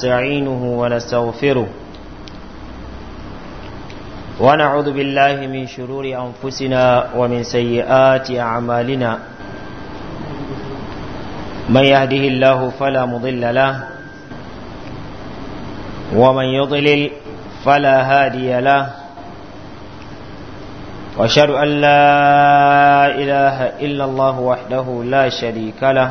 نستعينه ونستغفره ونعوذ بالله من شرور أنفسنا ومن سيئات أعمالنا من يهده الله فلا مضل له ومن يضلل فلا هادي له واشهد ان لا اله الا الله وحده لا شريك له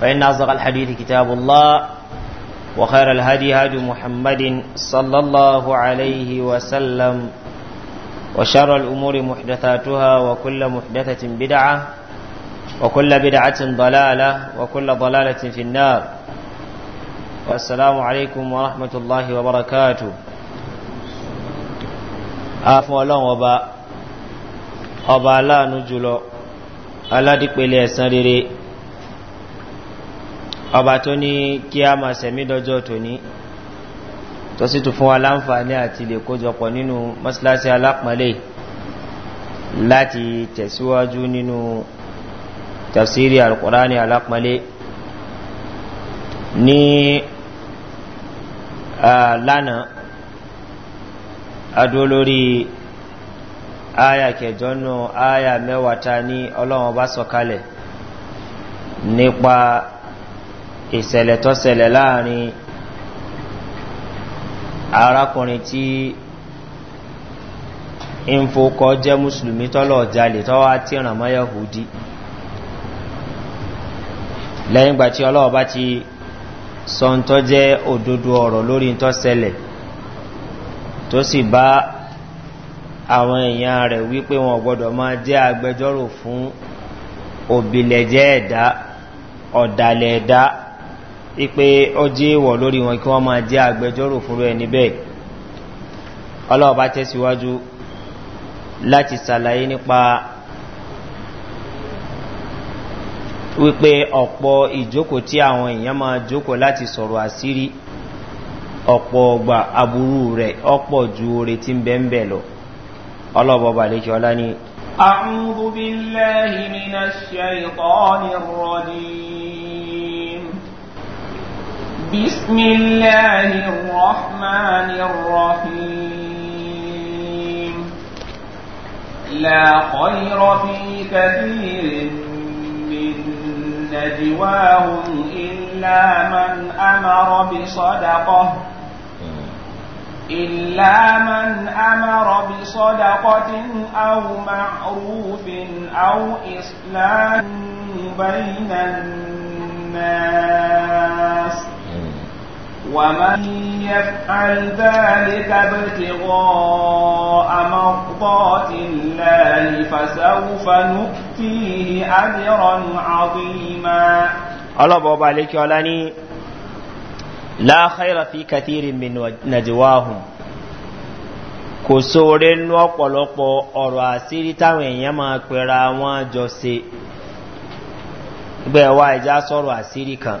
فإن أصدق الحديث كتاب الله وخير الهدي هدي محمد صلى الله عليه وسلم وشر الأمور محدثاتها وكل محدثة بدعة وكل بدعة ضلالة وكل ضلالة في النار والسلام عليكم ورحمة الله وبركاته أفو الله وبا أبا لا نجلو ألا دقبلي أسان ọba tó ní kí a máa sẹ̀mí dọ́jọ́ tó ní tó sì tún fún wa láǹfààní àti lè kójọpọ̀ nínú mọ́síláṣí alápọ̀lẹ̀ láti tẹ̀síwájú nínú tafsiri alkùránì alápọ̀lẹ̀ ní lánà adó lórí aya kẹjọ aya mẹ́wàá ta ní ọlọ́run bá sọ kalẹ̀ nípa ìṣẹ̀lẹ̀ tó ṣẹlẹ̀ láàrin arákùnrin tí ìfòkọ jẹ́ mùsùlùmí tọ́lọ̀ jalè tọ́wọ́ tí ìrànmọ́ yahudi lẹ́yìn gbà tí ọlọ́wọ́ bá ti sọ ń tọ́ jẹ́ òdodo ọ̀rọ̀ lórí ń tọ́ ṣẹlẹ̀ tó sì bá àwọn èèyàn rẹ̀ wípé wọn gbọ́dọ̀ máa jẹ́ agbẹjọ́rò fún òbílẹ̀jẹ́ ẹ̀dá ọ̀dàlẹ̀ ẹ̀dá ipe ọjẹ́ ìwọ̀ lórí wọn kí wọ́n máa jẹ́ àgbẹjọ́rò fúnrú ẹni bẹ́ẹ̀ ọlọ́ọ̀bá tẹ́síwájú láti sàlàyé nípa wípé ọ̀pọ̀ ìjókò tí àwọn èèyàn máa jókò láti sọ̀rọ̀ àsírí ọ̀pọ̀ ọgbà aburú rẹ̀ ọ̀pọ̀ ju oore tí ń lọ ọlọ́ọ̀bọ̀ balẹ̀kí ọlá أعوذ بالله من الشيطان الرجيم بسم الله الرحمن الرحيم لا خير في كثير من نجواهم إلا من أمر بصدقه إلا من أمر بصدقة أو معروف أو إصلاح بين الناس ومن يفعل ذلك ابتغاء مرضات الله فسوف نؤتيه أجرا عظيما الله بابا عليك ولاني لا خير في كثير من نجواهم kò sóore nú ọ̀pọ̀lọpọ̀ ọ̀rọ̀ àṣírí táwọn èèyàn máa pera wọn jọ ṣe gbẹ̀wá ìjà sọ̀rọ̀ àṣírí kan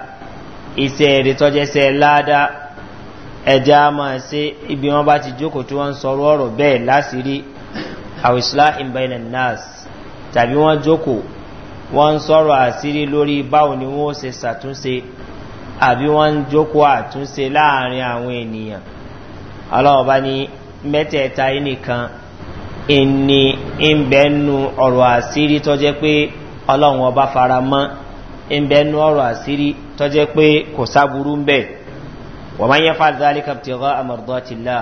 iṣẹ́ rẹ̀ tọ́jẹ́sẹ́ láàdá ẹja máa ṣe ibi wọn bá ti jókòó tí wọ́n ń sọ̀rọ̀ ọ̀rọ̀ bẹ́ẹ̀ láṣìírí àwìsílá ìbẹ̀lẹ̀ nas tàbí wọ́n jókòó wọ́n ń sọ̀rọ̀ àṣírí lórí báwo ni wọ́n ṣe ṣàtúnṣe àbí wọ́n ń jókòó àtúnṣe láàrin àwọn ènìyàn aláwọ̀ bá ní mẹ́tẹ̀ẹ̀ta nìkan ìní ìbẹ̀nu ọ̀rọ̀ àṣírí tọ́jẹ́ pé ọlọ́run ọba fara mọ́ ìbẹ̀nu ọ̀rọ̀ àsírí tọ́jẹ́ pé kò sáburú ń bẹ̀ wọ́n máa ń yẹ fáàdì dáálí kàpìtìrọ àmọ̀rọ̀dọ́ ti là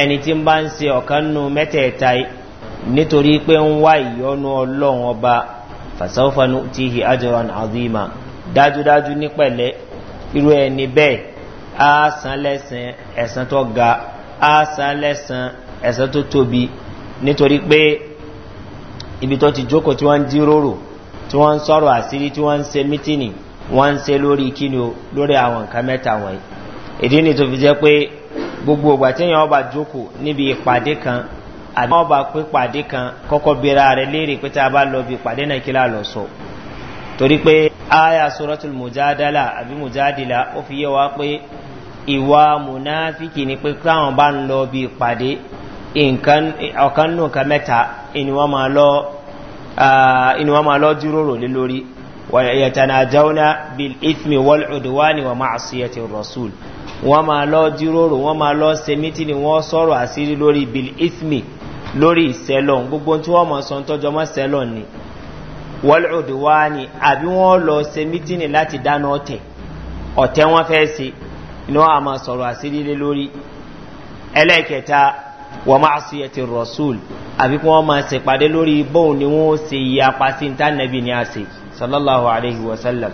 ẹni tí ń bá ń se ọ̀kan nu mẹ́tẹ̀ẹ̀ta nítorí pé ń wá ìyọnu ọlọ́run ọba fàṣọ́fàánú ti hì ájọrán àdúyìmá dájúdájú ní pẹ̀lẹ́ irú ẹni bẹ́ẹ̀ á san lẹ́sàn ẹ̀sán tó ga á san lẹ́sàn ẹ̀sán tó tóbi nítorí pé ibi tó ti jókòó tí wọ́n ń jíròrò tí wọ́n ń sọ̀rọ̀ àṣírí tí wọ́n ń se mítìnì wọ́n ń se lórí kíni lórí àwọn nǹkan mẹ́ta wọ̀nyí ìdí ni tó fi jẹ́ pé gbogbo ìgbà tí èèyàn ọba jókòó níbi ìpàdé kan àbí wọ́n bá pé pàdé kan kọ́kọ́ bera rẹ̀ léèrè pé tá a bá lọ bí ìpàdé náà kí láà lọ sọ torí pé aya suratul mujadala àbí mujadila ó fi yẹ wá pé ìwà munafiki ni pé táwọn bá ń lọ bí ìpàdé ọ̀kan nù kan mẹ́ta ni máa lọ́ọ́ inú wọn máa lọ jíròrò lé lórí yàtànàjáwọ́nà bil ithmi wal udwani wa ma'asiyati rasul wọn máa lọ jíròrò wọn máa lọ se mítìnì wọn sọ̀rọ̀ àsírí lórí bil ithmi lórí ìsẹ́lọ̀n gbogbo tí wọ́n mọ̀ sọ tọ́jọ́ mọ́ sẹ́lọ̀n ni wal udwani àbí wọ́n lọ se mítìnì láti dáná ọ̀tẹ̀ ọ̀tẹ̀ wọn fẹ́ se ni wọ́n máa sọ̀rọ̀ àsírí lé lórí ẹlẹ́kẹta wọ́n máa sí ẹ̀ ti rọ̀ṣúl àbí kí wọ́n máa ṣe pàdé lórí bóun ni wọ́n ṣe ìyapa sí níta nàbí ni a ṣe sallallahu alayhi wa sallam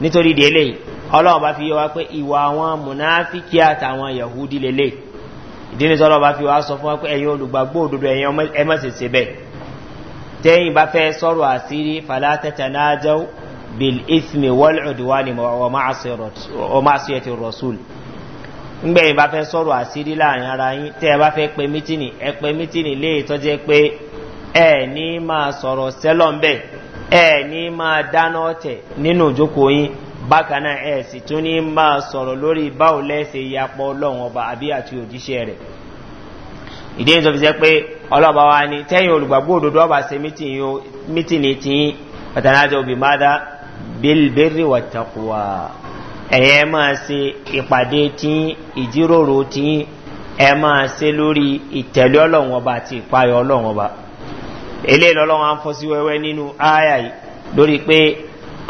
nítorí délé ọlọ́run bá fi yẹ wá pé ìwà àwọn mùnáfíkì àtàwọn yahudi lélẹ̀ ìdí ni sọlọ́run bá fi wá sọ fún wa pé ẹ̀yin olùgbàgbọ́ ngbẹ́ yìí bá fẹ́ sọ̀rọ̀ àṣírí láàrin ara yín tẹ́ ẹ bá fẹ́ pe mítìnì ẹ pe mítìnì lé ìtọ́jẹ́ pé ẹ ní máa sọ̀rọ̀ sẹ́lọ̀ǹbẹ̀ ẹ ní máa dáná ọ̀tẹ̀ nínú ìjókòó yín bákan náà ẹ sì tún ní máa sọ̀rọ̀ lórí báwo lẹ́sẹ̀ yapọ̀ ọba àbí àti òjíṣẹ́ rẹ̀ ìdí fi jẹ́ pé wa ni tẹ́yìn olùgbàgbọ́ òdodo ọba ṣe mítìnì pàtàkì ẹ̀yẹ máa se ìpàdé tí ìjíròrò tí ẹ máa se lórí ìtẹ̀lé ọlọ́wọ́n ọba àti ìpayọ̀ ọlọ́wọ́n ọba eléyìí lọ́lọ́wọ́n á ń fọ́ sí wẹ́wẹ́ nínú ááyà yìí lórí pé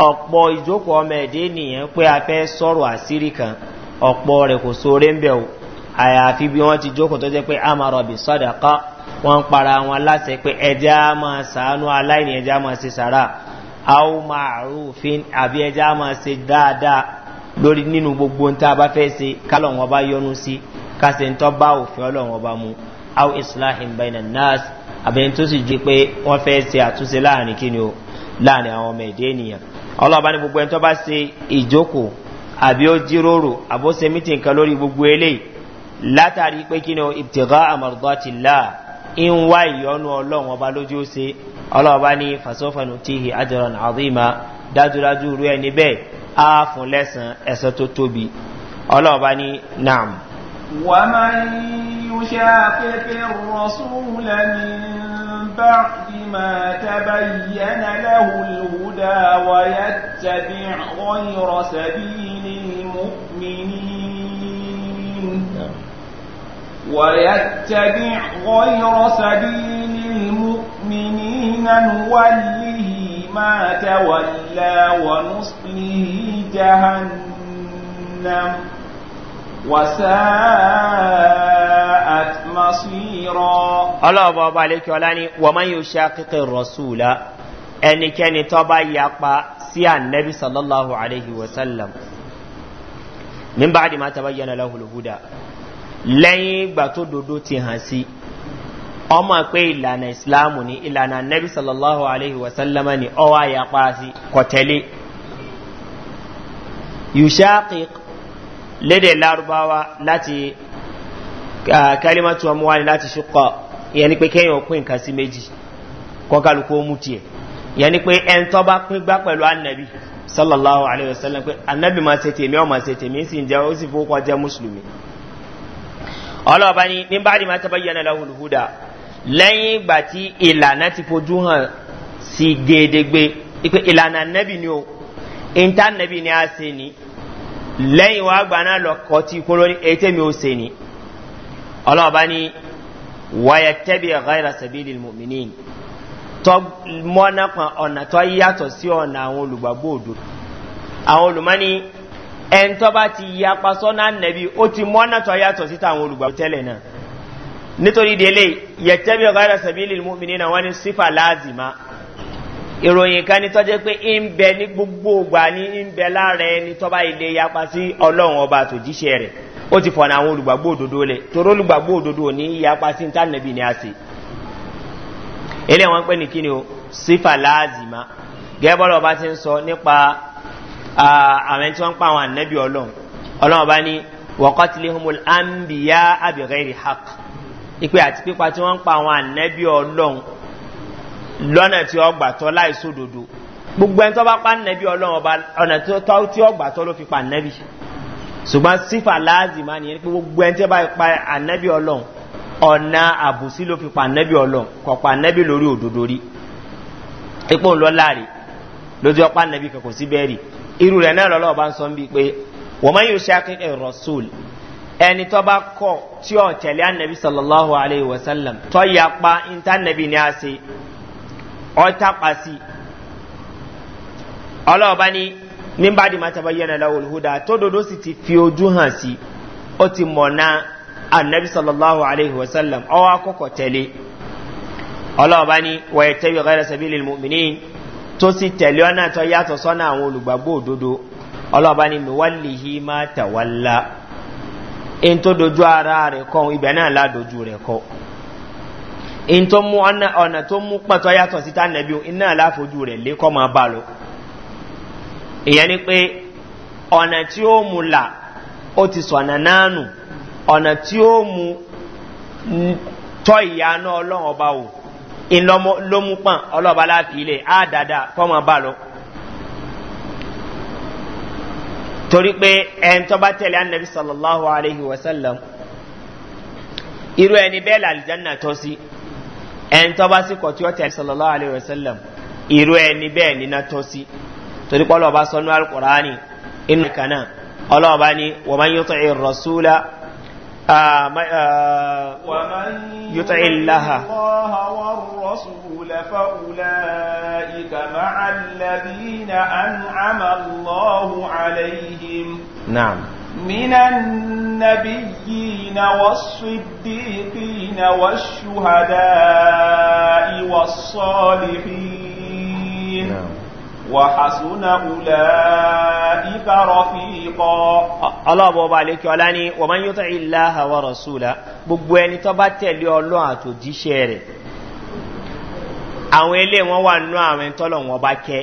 ọ̀pọ̀ ìjókòó ọmọ ẹ̀dẹ́ nìyẹn pé a fẹ́ sọ̀rọ̀ àṣírí kan ọ̀pọ̀ rẹ̀ kò sóore ń bẹ̀ o àyàfi bí wọ́n ti jókòó tó jẹ́ pé amárọ̀bì sọ́dàkọ́ wọ́n ń para wọn láti pé ẹja máa sàánú aláìní ẹja máa se sàrà àwọn màrúfin àbí ẹja máa se dáadáa lórí nínú gbogbo ń tá a bá fẹ́ ṣe kálọ̀n ọba yọnu sí kásẹ̀ ń tọ́ bá òfin ọlọ́run ọba mu aw islahin bayna nas àbẹ̀yìn tó sì jí pé wọ́n fẹ́ ṣe àtúnṣe láàrin kíni o láàrin àwọn ọmọ ẹ̀dẹ́ ènìyàn ọlọ́ọ̀bá ní gbogbo ẹni bá ṣe ìjókòó àbí ó jíròrò àbó ṣe mítìn kan lórí gbogbo eléyìí látàrí pé kíni o ìtìgá àmọ̀dọ́tìlá ń wá ìyọnu ọlọ́run ọba lójú ṣe ọlọ́ọ̀bá ní fasọ́fanu tíhi àjọrọ̀ àdìmá dájúdájú rú ẹni bẹ́ẹ̀ á fún lẹ́sàn ẹ̀sẹ̀ tó tóbi ọlọ́ọ̀bá ní nam. ومن يشاقق الرسول من بعد ما تبين له الهدى ويتبع غير سبيل المؤمنين ويتبع غير سبيل المؤمنين نوله ما تولى ونصله جهنم وساءت مصيرا الله بابا عليك ولاني ومن يشاقق الرسول أن كان تبا يقبى سيا النبي صلى الله عليه وسلم من بعد ما تبين له الهدى لن يبقى تدودو تهانسي ọmọ pé ìlànà ìsìláàmù ni ìlànà nẹ́bí sallallahu alaihi wasallama ni ọwá ya pàásí kọtẹ́lé yùṣáàkì lédè lárúbáwá láti kalimatu ọmọwá ni láti ṣùkọ ìyẹn ni pé kéèyàn pín nǹkan sí méjì kọkàlùkù mú tiẹ̀ ìyẹn ni pé ẹn tó bá pín gbá pẹ̀lú annabi sallallahu alaihi wasallam pé annabi ma ṣe tèmi ọmọ ṣe tèmi sì ń jẹ ó sì fowó kọjá mùsùlùmí ọlọ́ọ̀bá ni nígbà ma tabayyana lahul huda lẹ́yìn ìgbà tí ìlànà ti fojú hàn sí gédégbé ipe ìlànà nẹ́bì ni o ìta nẹ́bì ni a se ni lẹ́yìn wá gbaná lọ́kọ́ tí kó lórí ètè mi ò se ni ọlọ́ọ̀bá ni wáyà tẹ́bi ọ̀gáyìrà sàbílì mòmìnì tọ́ mọ́nà kan ọ̀nà tó yàtọ̀ sí ọ̀nà àwọn olùgbàgbọ́ òdo àwọn olùmọ́ni ẹ̀ńtọ́ bá ti yapa sọ́nà nẹ́bì ó ti mọ́nà tó yàtọ̀ sí tàwọn olùgbàgbọ́ tẹ́lẹ̀ náà nítorí délé yẹtẹ́bí ọ̀gá ẹ̀rọ sẹ̀bílì mùmíní náà wọ́n ní sífà láàzìmá ìròyìn kan ní tọ́jẹ́ pé ń bẹ ní gbogbo ògbà ní ń bẹ láàrẹ ní tọ́ba ilé yapa sí ọlọ́run ọba àtòjíṣẹ́ rẹ̀ ó ti fọ̀nà àwọn olùgbàgbọ́ òdodo lẹ̀ torí olùgbàgbọ́ òdodo ní yapa sí ntánàbí ni a sè eléyìí wọn pè ní kíni o sífà láàzìmá gẹ́gẹ́ ọba ti ń sọ nípa àwọn tí wọ́n pa àwọn ànábì ọlọ́run ọlọ́run ọba ní wọ́kọ́tìlẹ́hùnmùl àǹbìyá àbẹ̀rẹ̀ rẹ̀ ìpè àti pípa tí wọ́n ń pa àwọn ànẹ́bí ọlọ́run lọ́nà tí ó gbàtọ́ láìsó òdodo gbogbo ẹni tó bá pa ànẹ́bí ọlọ́run ọba ọ̀nà tí ó gbàtọ́ ló fi pa ànẹ́bí ṣùgbọ́n sífà láàzìmá nìyẹn pé gbogbo ẹni tó bá pa ànẹ́bí ọlọ́run ọ̀nà àbùsí ló fi pa ànẹ́bí ọlọ́run kò pa ànẹ́bí lórí òdodo rí ipò ńlọ láàrin lójú ọ̀pá ànẹ́bí kò ẹni tó bá kọ tí ó tẹ̀lé anabi sallallahu alayhi wa sallam tó yapa intanabi ni a se ọta pàṣẹ ọlọ́ọ̀bá ni nígbà tí màtàbá yẹnna lọ́wọ́ olùhùdà tó dodo sì ti fi ojú hàn sí ó ti mọ̀ ná anabi sallallahu alayhi wa sallam ọwọ́ akọ́kọ̀ tẹ̀lé ọlọ́ọ̀bá ni wọ́n tẹ́wé ọ̀gáyà lè mọ̀mìnì tó sì tẹ̀lé ọ̀nà tó yàtọ̀ sọ́nà àwọn olùgbàgbọ́ òdodo ọlọ́ọ̀bá ni mi wà lè yí má tẹ̀wálá in tó dojú ara rẹ̀ kọ́ ibẹ̀ náà ládojú rẹ̀ kọ́ in tó mú ọ̀nà tó mú pàtó yàtọ̀ sí tánàbí iná láfojú rẹ̀ lékọ́ máa bá lọ ìyẹn ni pé ọ̀nà tí ó mú là ó ti sọ̀nà nánù ọ̀nà tí ó mú tọ́ ìyanu ọlọ́run ọba wò in ló mú pàn ọlọ́ba láti ilẹ̀ á dáadáa kọ́ máa bá lọ. torí pé ẹn tó bá tẹ̀lé anabi sallallahu alayhi wa sallam irú ẹni bẹ́ẹ̀ làlìjánná tọ́ sí ẹn tó bá sí kọ̀ tí ó tẹ̀lé sallallahu alayhi wa sallam irú ẹni bẹ́ẹ̀ níná tọ́ sí torí pé ọlọ́ọ̀bá sọ alukur'ani inú kanáà ọlọ́ọ̀bá ni wọ́n máa ń yọtọ̀ ìrọ̀súlá. آه، آه، ومن يطع الله والرسول فأولئك مع الذين أنعم الله عليهم نعم من النبيين والصديقين والشهداء والصالحين نعم وحسن أولئك رفيقا الله بابا عليك ولاني ومن يطع الله ورسوله gbogbo ẹni tó bá tẹ̀lé ọlọ́run àtòjíṣẹ́ rẹ̀ àwọn ilé wọn wà nínú àwọn ìtọ́lọ̀ wọn bá kẹ́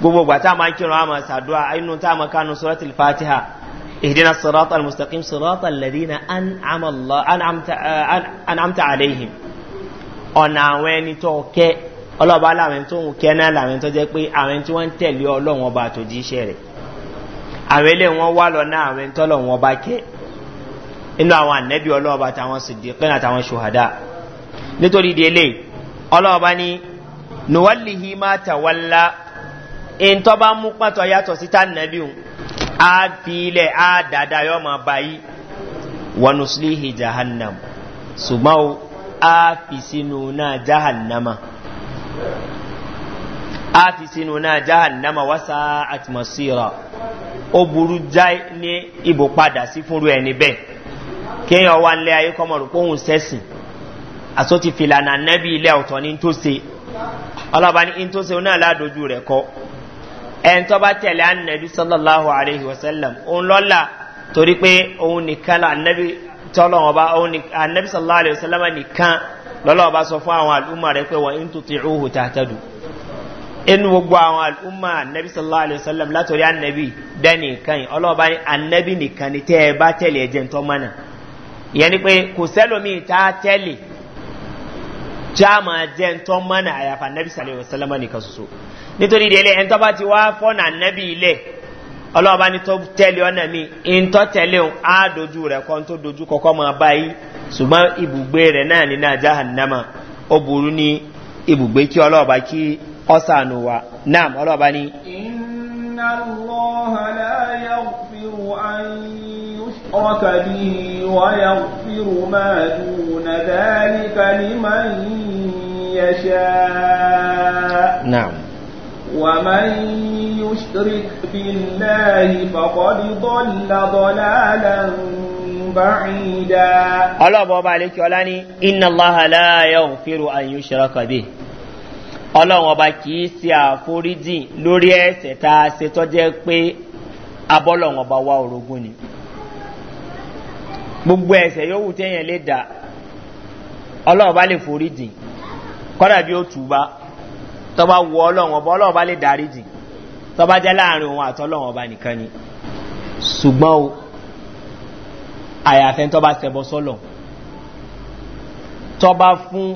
gbogbo ìgbà tá a máa ń kírun àmọ́ sàdúrà inú tá a máa kánu sọ́rọ́tì fatiha ìdínà sọ́rọ́tà mustaqim sọ́rọ́tà lẹ́dínà anamta aleihim ọ̀nà àwọn ẹni tó kẹ́ ọlọ́ba láwọn tó ń kẹ́ná láwọn tó jẹ́ pé àwọn tí wọ́n ń tẹ̀lé ọlọ́wọ́n ọba àtòjí iṣẹ́ rẹ̀ àwọn ilé wọn wá lọ náà àwọn tó lọ́wọ́n ọba kẹ́ inú àwọn ànẹ́bí ọlọ́ọba táwọn sìdí pẹ́nà táwọn ṣòhádà nítorí délé ọlọ́ọba ní nùwálìhí máa tàwálá èyí tó bá mú pàtọ́ yàtọ̀ sí tánàbí òun á fi ilẹ̀ á dáadáa yọ máa báyìí wọnùsùlìhì jahannam ṣùgbọ́n á fi sínú náà jahannama. a fi sínú jahannama wasa àti masira ó burú já ní ibò padà sí fúnru ẹni bẹ́ẹ̀ kéèyàn wá nílé ayé na kóhùn sẹ́sìn àsọtí fìlànà nẹ́bí se. Ala ní tó ṣe ọlọ́ba ní tó ṣe náà ládójú rẹ̀ kọ́ ẹn tó bá tẹ̀lé anabi sallallahu alaihi wa sallam òun lọ́la torí pé òun nìkan anabi tọ́lọ́wọ́n bá anabi sallallahu alaihi wa sallam nìkan lọ́lọ́ bá sọ fún àwọn al'umma rẹ̀ pé wọ́n in tó ti rúhù tàtàdù inú gbogbo àwọn al'umma annabi sallallahu alaihi wasallam látọ̀rí annabi dẹ́ni kan ọlọ́ọ̀bá ni annabi nìkan ni tẹ́ ẹ bá tẹ̀lé ẹ̀jẹ̀ tó mọ́nà ìyẹn ni pé kò sẹ́lómi tá a tẹ̀lé já ọlọ́ọ̀bá ní tó tẹ̀lé ọ̀nà mi in tó tẹ̀lé òun á dojú rẹ̀ kọ́ tó dojú kọ́kọ́ máa báyìí ṣùgbọ́n ibùgbé rẹ̀ náà ní náà jahannama ó burú ní ibùgbé kí ọlọ́ọ̀bá kí ọ̀sánù wa náà ọlọ́ọ̀bá ní. iná lọ́hà láyà fìrù wáyà fìrù máa ومن يشرك بالله فقد ضل ضلالا بعيدا الله بابا عليك ولاني إن الله لا يغفر أن يشرك به ọlọ́run ọba kìí ṣe àforíjì lórí ẹ̀sẹ̀ tá a ṣe tọ́jẹ́ pé abọ́lọ́run ọba wá orogún ni gbogbo ẹ̀sẹ̀ yóò téèyàn lè dà ọlọ́run ọba lè foríjì kọ́dà bí ó tù bá tọba wọ ọlọ́run ọba ọlọ́run ọba lè darí jì tọba jẹ́ láàrin òun àtọ́lọ́run ọba nìkan ni ṣùgbọ́n o àyàfẹ́ tọba sẹbọ sọ́lọ̀ tọba fún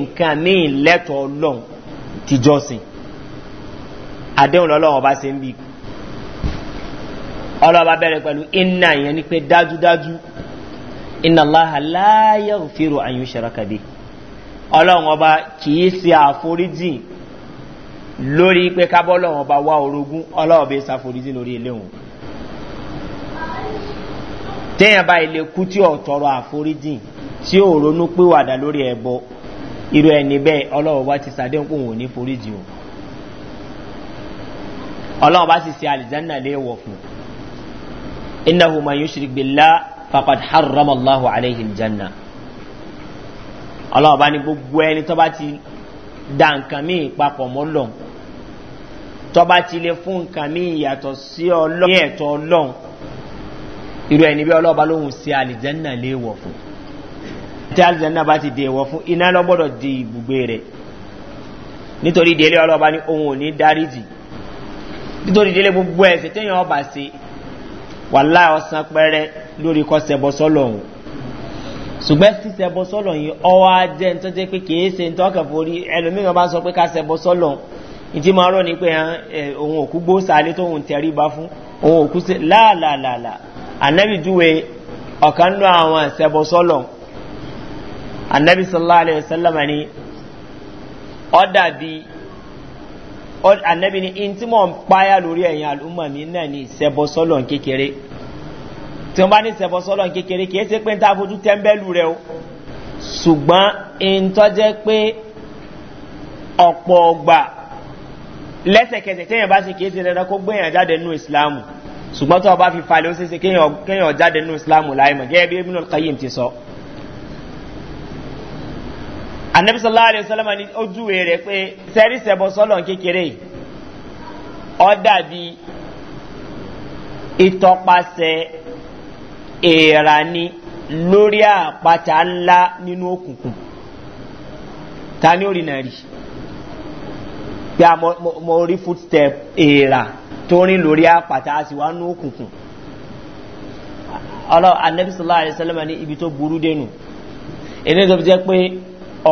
nǹkan ní ìlẹ́tọ̀ ọlọ́run tìjọsìn àdéhùn lọ́lọ́run ọba ṣe ń bí ọlọ́ba bẹ̀rẹ̀ pẹ̀lú iná ìyẹn ni pé dájúdájú iná láhàláyà òfin àyùn ṣẹ̀rọ̀kàdé ọlọ́run ọba kì í ṣe àforíjì lórí pé kábọ́ lọ́wọ́n bá wá orogún ọlọ́ọ̀bẹ ṣàforíjì lórí ilé òun téèyàn bá ilé kú tí ò tọrọ àforíjì tí ò ronú pìwàdà lórí ẹ̀bọ irú ẹni bẹ́ẹ̀ ọlọ́wọ́ bá ti sàdéhùn pò wọ́n ní foríjì o ọlọ́wọ́ bá sì ṣe àlìjánà lé wọ̀ fún iná hùmà yóò ṣe gbèlá fàkàt haramallahu alayhi janna ọlọ́wọ́ bá ní gbogbo ẹni tó bá ti dá nǹkan míì papọ̀ mọ́ tọba ti lè fún nǹkan mi ìyàtọ̀ sí ọlọ́run ní ẹ̀tọ́ ọlọ́run irú ẹni bí ọlọ́ọ̀bá lóhùn sí àlìjẹ́nà lè wọ̀ fún tí àlìjẹ́nà bá ti dè wọ̀ fún iná lọ́gbọ́dọ̀ di ibùgbé rẹ̀ nítorí délé ọlọ́ọ̀bá ní ohun ò ní dáríjì nítorí délé gbogbo ẹ̀sẹ̀ téèyàn ọba ṣe wà láà ọ̀sán pẹ́rẹ́ lórí kọ́ sẹ́bọ sọ́lọ̀ ọ̀hún ṣùgbọ́n sí sẹ́bọ sọ́lọ̀ yìí ọwọ́ á jẹ́ ní tó jẹ́ pé ṣe ní forí ẹlòmíràn bá sọ pé ká sẹ́bọ sọ́lọ̀ ọ̀hún ìtí máa rọ̀ ní pé ohun òkú gbó sáré tó ohun tẹ̀rí bá fún ohun òkú sí láàlàlàlà ànábì júwe ọ̀kan nú àwọn ìṣẹ́bọ sọ́lọ̀ ànábì sọ́lá alẹ́ sẹ́lẹ̀mà ni ọ dàbí ànábì ni in ni ìṣẹ́bọ sọ́lọ̀ kékeré tí wọ́n bá ní ìṣẹ́bọ sọ́lọ̀ kékeré kì í ṣe pé lẹ́sẹ̀kẹsẹ̀ kéèyàn bá ṣe kéèsì dandan kó gbéyàn jáde nínú ìsìláàmù ṣùgbọ́n tó o bá fi falẹ̀ ó ṣeéṣe kéèyàn jáde nínú ìsìláàmù láìmọ̀ gẹ́gẹ́ bí ibùdó kayim ti sọ. anabisalaam alayhi salam ni ó júwe rẹ̀ pé sẹ́rí sẹ́bọ sọ́lọ̀ kékeré ọ dàbí ìtọpasẹ̀ èèrà ni lórí àpáta ńlá nínú òkùnkùn ta ni ó rí náà rí pé a mọ rí footstep èèrà tó rìn lórí àpàtà a sì wá ní òkùnkùn ọlọ́ anẹ́bísọ́lá àdìsọ́lẹ́mà ní ibi tó burú dénú ilé tó fi jẹ́ pé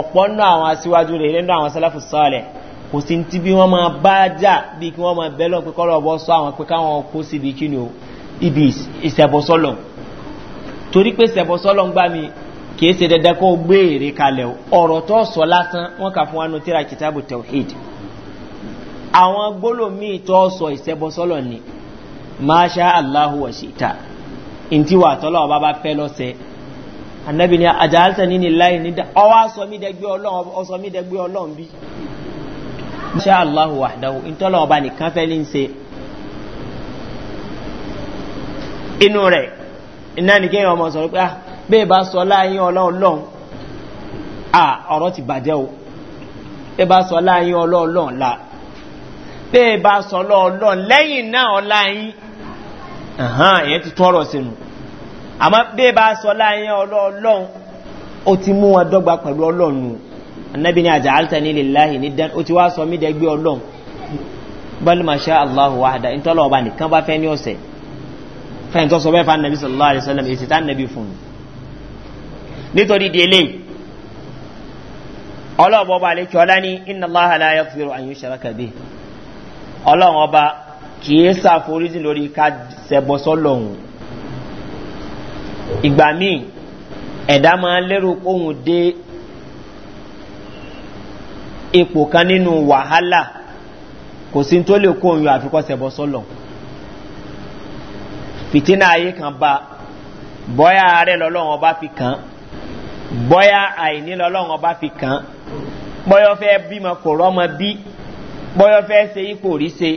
ọ̀pọ̀ nínú àwọn aṣíwájú rẹ̀ nínú àwọn sẹ́lẹ̀fù sọ́ọ̀lẹ̀ kò sí ti bí wọ́n máa bá jà bí kí wọ́n máa bẹ́lọ̀ pé kọ́lọ̀ ọ̀bọ sọ àwọn pé káwọn kó síbi kí ni o ibi ìṣẹ̀bọ̀sọ́lọ̀ torí pé ìṣẹ̀bọ̀sọ́lọ̀ ń gbà mí kìí ṣe dandan kó gbé èrè kalẹ̀ ọ̀rọ̀ tó sọ lásán wọ́n kà fún wa nù tíra kìtàbù tawhid àwọn gbólómi tó sọ ìṣẹ́bọsọ́lọ̀ ni máṣá aláhu wa ṣìta ntí wà tọ́lọ́ ọba bá fẹ́ lọ́sẹ̀ anabi ni àjàlẹ́sẹ̀ nínú láì ní ọwọ́ sọ mí dẹgbẹ́ ọlọ́run ọsọ mí dẹgbẹ́ ọlọ́run bí máṣá aláhu wa dáhù ntọ́lọ́ ọba nìkan fẹ́ ní í ṣe inú rẹ̀ iná ni kéèyàn ọmọ sọ̀rọ̀ pé ah bẹ́ẹ̀ bá sọ láàyín ọlọ́run lọ́hùn ah, ọ̀rọ̀ ti bàjẹ́ o bẹ́ẹ̀ bá sọ láàyín ọlọ́run lọ́hùn pé ẹ bá sọ lọ́ọ̀lọ́ lẹ́yìn náà ọlá yín ẹ̀hán ìyẹn ti tọrọ sínú àmọ́ pé ẹ bá sọ láyín ọlọ́ọ̀lọ́hún ó ti mú wọn dọ́gba pẹ̀lú ọlọ́ọ̀nù anábì ní àjà alta ní lèláhì ní dán ó ti wá sọ mí dẹgbẹ́ ọlọ́ọ̀n bọ́lú màṣá aláhu wàhádà ń tọ́lọ̀ ọba nìkan bá fẹ́ ní ọ̀sẹ̀ ọlọ́ọ̀bọ̀ ọba àlekí ọlá ní iná láhàlá yẹ ọlọ́run ọba kìí ṣàforíjì lórí ká ṣẹbọ sọlọ́hún ìgbà míì ẹ̀dá máa lérò kóhun dé ipò kan nínú wàhálà kò sí tó lè kóhun yọ àfikọ́ ṣẹbọ sọlọ́hún fìtínà ayé kan bá bọ́yá ààrẹ lọ́lọ́run ọba fi kàn bọ́yá àìní lọ́lọ́run ọba fi kàn bọ́yọ́ fẹ́ bímọ kò rọ́mọ bí bọ́yọ́ fẹ́ ṣe ipò rí ṣe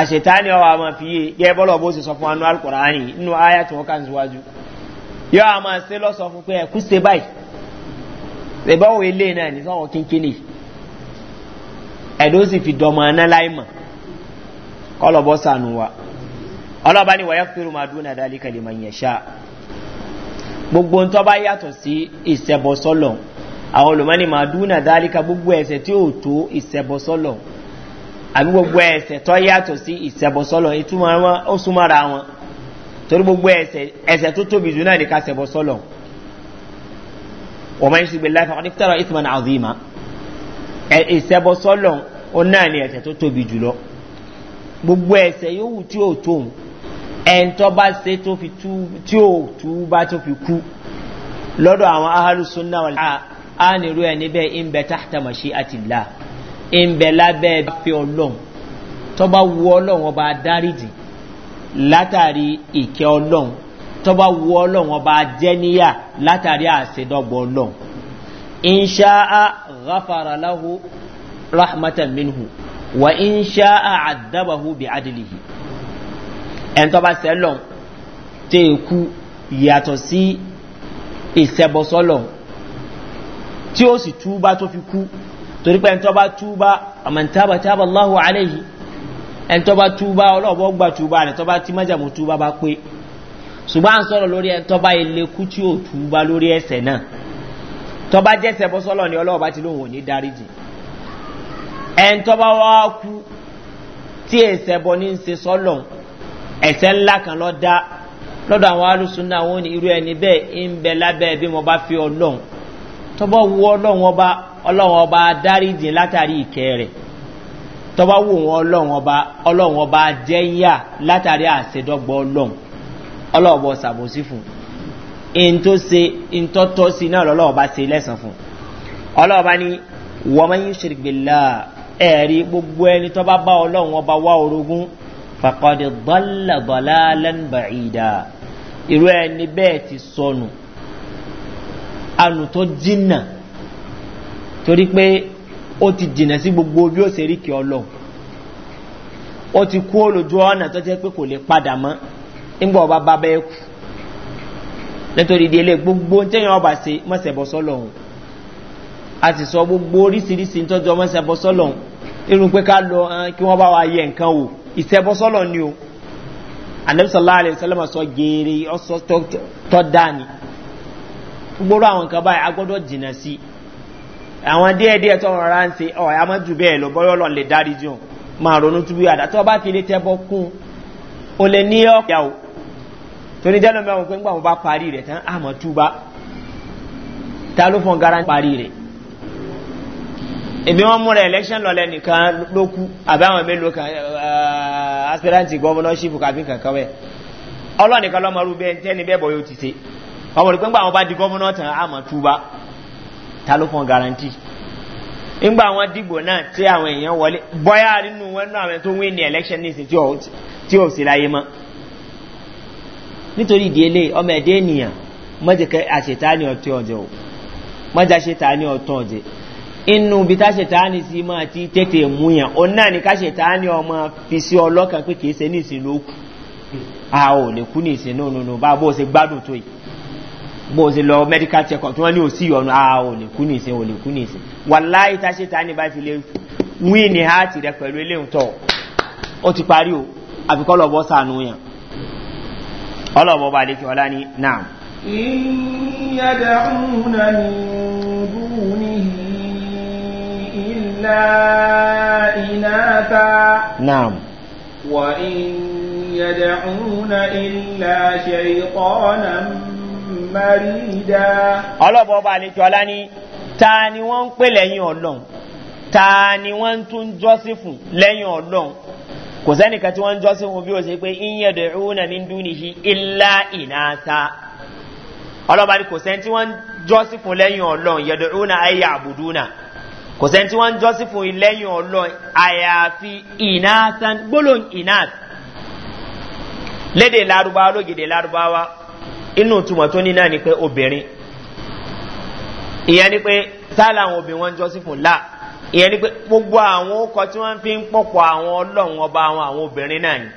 àṣetáni ọwọ́ àmọ́ fi yé yẹ bọ́lọ̀ bó ṣe sọ fún anú alukọ̀rání nínú ayé tí wọ́n kà ń síwájú yọ àmọ́ ṣe lọ́sọ fún pé ẹ̀kú ṣe báyìí ṣèbáwò ilé náà ní sọ́wọ́ kínkínní ẹ̀dọ́ sì fi dọ̀mọ̀ aná láì mọ̀ kọ́lọ̀ bọ́ sànù wa ọlọ́ba ni wọ́n yẹ fẹ́rù máa dún nàdálí kàlẹ́ mọ̀ yẹn ṣá gbogbo ntọ́ bá yàtọ̀ sí ìṣẹ̀bọ̀sọ́lọ̀ àwọn olùmọ́ni máa dúnà dálíkà gbogbo ẹ̀sẹ̀ tí ó tó ìṣẹ̀bọ̀sọ́lọ̀ àbí gbogbo ẹ̀sẹ̀ tó yàtọ̀ sí ìṣẹ̀bọ̀sọ́lọ̀ ìtumọ̀ wọn ó súnmọ́ra wọn torí gbogbo ẹ̀sẹ̀ tó tóbi jù náà ní ká ṣẹ̀bọ̀sọ́lọ̀ wọ́n máa ń ṣe gbẹ̀láfà wọn ní tẹ́rọ ìtumọ̀nà àzìmá ìṣẹ̀bọ̀sọ́lọ̀ ó náà ní ẹ̀sẹ̀ tó tóbi jùlọ gbogbo ẹ̀sẹ̀ yóò tí ó tó ẹ̀ńtọ́ bá ṣe tó fi tú tí ó tú bá tó fi kú lọ́dọ̀ àwọn ahálùsùn náà wà á nírú ẹ̀ níbẹ̀ ìbẹ̀ tàhtàmàṣí àtìlá ìbẹ̀ lábẹ́ fẹ́ ọlọ́run tó bá wu ọlọ́run ọba dáríjì látàrí ìkẹ́ ọlọ́run tó bá wu ọlọ́run ọba jẹ́níyà látàrí àṣedọ́gbọ̀ ọlọ́run inṣáà ghafaralahu rahmatan minhu wa inṣáà àdábàhu bi adìlìhì ẹn tó bá sẹ́lọ̀n tẹ́ sí ìṣẹ́bọsọ́lọ̀n tí ó sì túbá tó fi kú torí pé ẹ̀ntọ́ bá túbá àmàntábà tábà láhùn aléyìí ẹ̀ntọ́ bá túbá ọlọ́ọ̀bọ̀ gba túbá rẹ̀ tọ́ bá tí májàmú túbá bá pé ṣùgbọ́n à ń sọ̀rọ̀ lórí ẹ̀ntọ́ bá ilé kú tí ó túbá lórí ẹsẹ̀ náà tọ́ bá jẹ́sẹ̀ bọ́ sọ́lọ̀ ni ọlọ́ọ̀bá ti lóun ò ní dáríjì ẹ̀ntọ́ bá wá kú tí ẹsẹ̀ bọ́ ní ṣe sọ́lọ̀ ẹ̀sẹ̀ ńlá kan lọ́ dá lọ́dọ̀ àwọn alùsùn náà wọ́n ní irú ẹni bẹ́ẹ̀ ń bẹ lábẹ́ bí mo bá fi ọlọ́run tọ́bọ̀ wú ọlọ́run ọba ọlọ́run ọba dáríjì látàrí ìkẹ́ rẹ̀ tọ́bọ̀ wù wọn ọlọ́run ọba ọlọ́run ọba jẹ́yà látàrí àṣedọ́gbọ́ ọlọ́run ọlọ́run ọba ṣàbòsí fún in tó ṣe in tó tọ́ sí náà lọ́lọ́run ọba ṣe lẹ́sàn fún ọlọ́run ọba ní wọ́n máa ń ṣègbèlà ẹ̀rí gbogbo ẹni tó bá bá ọlọ́run wá orogún fàkọ́dé gbọ́lá gbọ́lá lẹ́nu bàyìí dáa irú ẹni bẹ́ẹ̀ ti sọnù. alù tó jìnnà torí pé ó ti jìnnà sí gbogbo bí ó rí kí ọlọ ó ti kú olójú ọ̀nà tó jẹ́ pé kò lè padà mọ́ nígbà ọba bá bẹ́ẹ̀ kú nítorí gbogbo téèyàn ọba ṣe mọ́sẹ̀bọ sọ́lọ́hún a sì sọ gbogbo oríṣiríṣi tọ́jú mọ́sẹ̀bọ sọ́lọ́hún irun pé ká lọ kí wọ́n bá wa yẹ nǹkan wò ni o geere tọ́ gbogbo àwọn nǹkan báyìí agbọ́dọ̀ jìnà sí àwọn díẹ̀díẹ̀ tó rọra ń se ọ̀ àmọ́ jù bẹ́ẹ̀ lọ bọ́yọ̀ lọ lè dárí jùn máa ronú túbú àdá tó bá fi lè tẹ́ bọ́ kún o lè ní ọ̀pẹ́ o torí jẹ́ lọ́mọ ẹ̀wọ̀n pé wọn bá parí rẹ̀ tán àmọ́ túbá ta ló fọn gara parí rẹ̀ ebi wọn múra election lọlẹ nìkan ló kú àbí àwọn mélòó kan eh, aspirant governorship kàbí kankan wẹ̀ ọlọ́ọ̀nìkan lọ́mọ rú bẹ́ẹ̀ tẹ́ni bẹ́ẹ̀ bọ́ yóò ti se àwọn olùkọ́ ńgbà wọn bá di gọ́mọ́nà tán àmọ́ túbá ta ló fún garanti ńgbà wọn dìbò náà tí àwọn èèyàn wọlé bọ́yá nínú wọn náà àwọn tó wí ní election nísìn tí ò sí láyé mọ́ nítorí ìdí eléyìí ọmọ ẹ̀dẹ́ ènìyàn mọ́jẹ̀kẹ́ àṣetáni ọ̀tọ́ ọ̀jẹ̀ o mọ́jà ṣetáni ọ̀tọ́ ọ̀jẹ̀ inú bí tá ṣetáni sí máa ti tètè mú yàn òun náà ní ká ṣetáni ọmọ fi sí ọlọ́kan pé kìí ṣe ní ló kù a ò lè kú ní nínú bá bó ṣe gbádùn tó yìí bó ṣe lọ medical check up tí wọ́n ní ò sí ọ̀nà a ò lè kú ní ìsìn ò lè kú ní ìsìn wàlá ìtaṣe ta ni bá fi lè wí ní háàtì rẹ pẹ̀lú eléhùn tọ̀ ó ti parí o àfikọ́ lọ́bọ̀ sànú yàn ọlọ́bọ̀ bá lè kí ọlá ní náà. ìyàdàún ní bùnì ìlà ìnáta. náà. wà ìyàdàún ilà ṣe ìkọ́nà mọ́. مريدا ọlọ́bọ̀ ọba àlejò ọlá ní ta ni wọ́n ń pè lẹ́yìn ọlọ́run ta ni wọ́n tún jọ́sìn fún lẹ́yìn ọlọ́run kò sẹ́nìkan tí wọ́n jọ́sìn fún bí ó ṣe pé iye dẹ̀rúnà mi ń dún nìyí ilá ìnáta ọlọ́ba ni kò sẹ́ni tí wọ́n jọ́sìn fún lẹ́yìn ọlọ́run yẹ̀dẹ̀rúnà ayé àbùdúnà kò sẹ́ni tí wọ́n ń jọ́sí fún ilẹ́yìn ọlọ́run àyàfi ìnásan gbólóhùn ìnás léde lárúbáwá lógede lárúbáwá inú túmọ̀ tó ní náà ni pé obìnrin ìyẹn ni pé tá làwọn obìnrin wọn jọ́sìn fún ni pé gbogbo àwọn ọkọ̀ tí wọ́n fi ń pọ̀pọ̀ àwọn ọlọ́run ọba àwọn àwọn obìnrin náà ni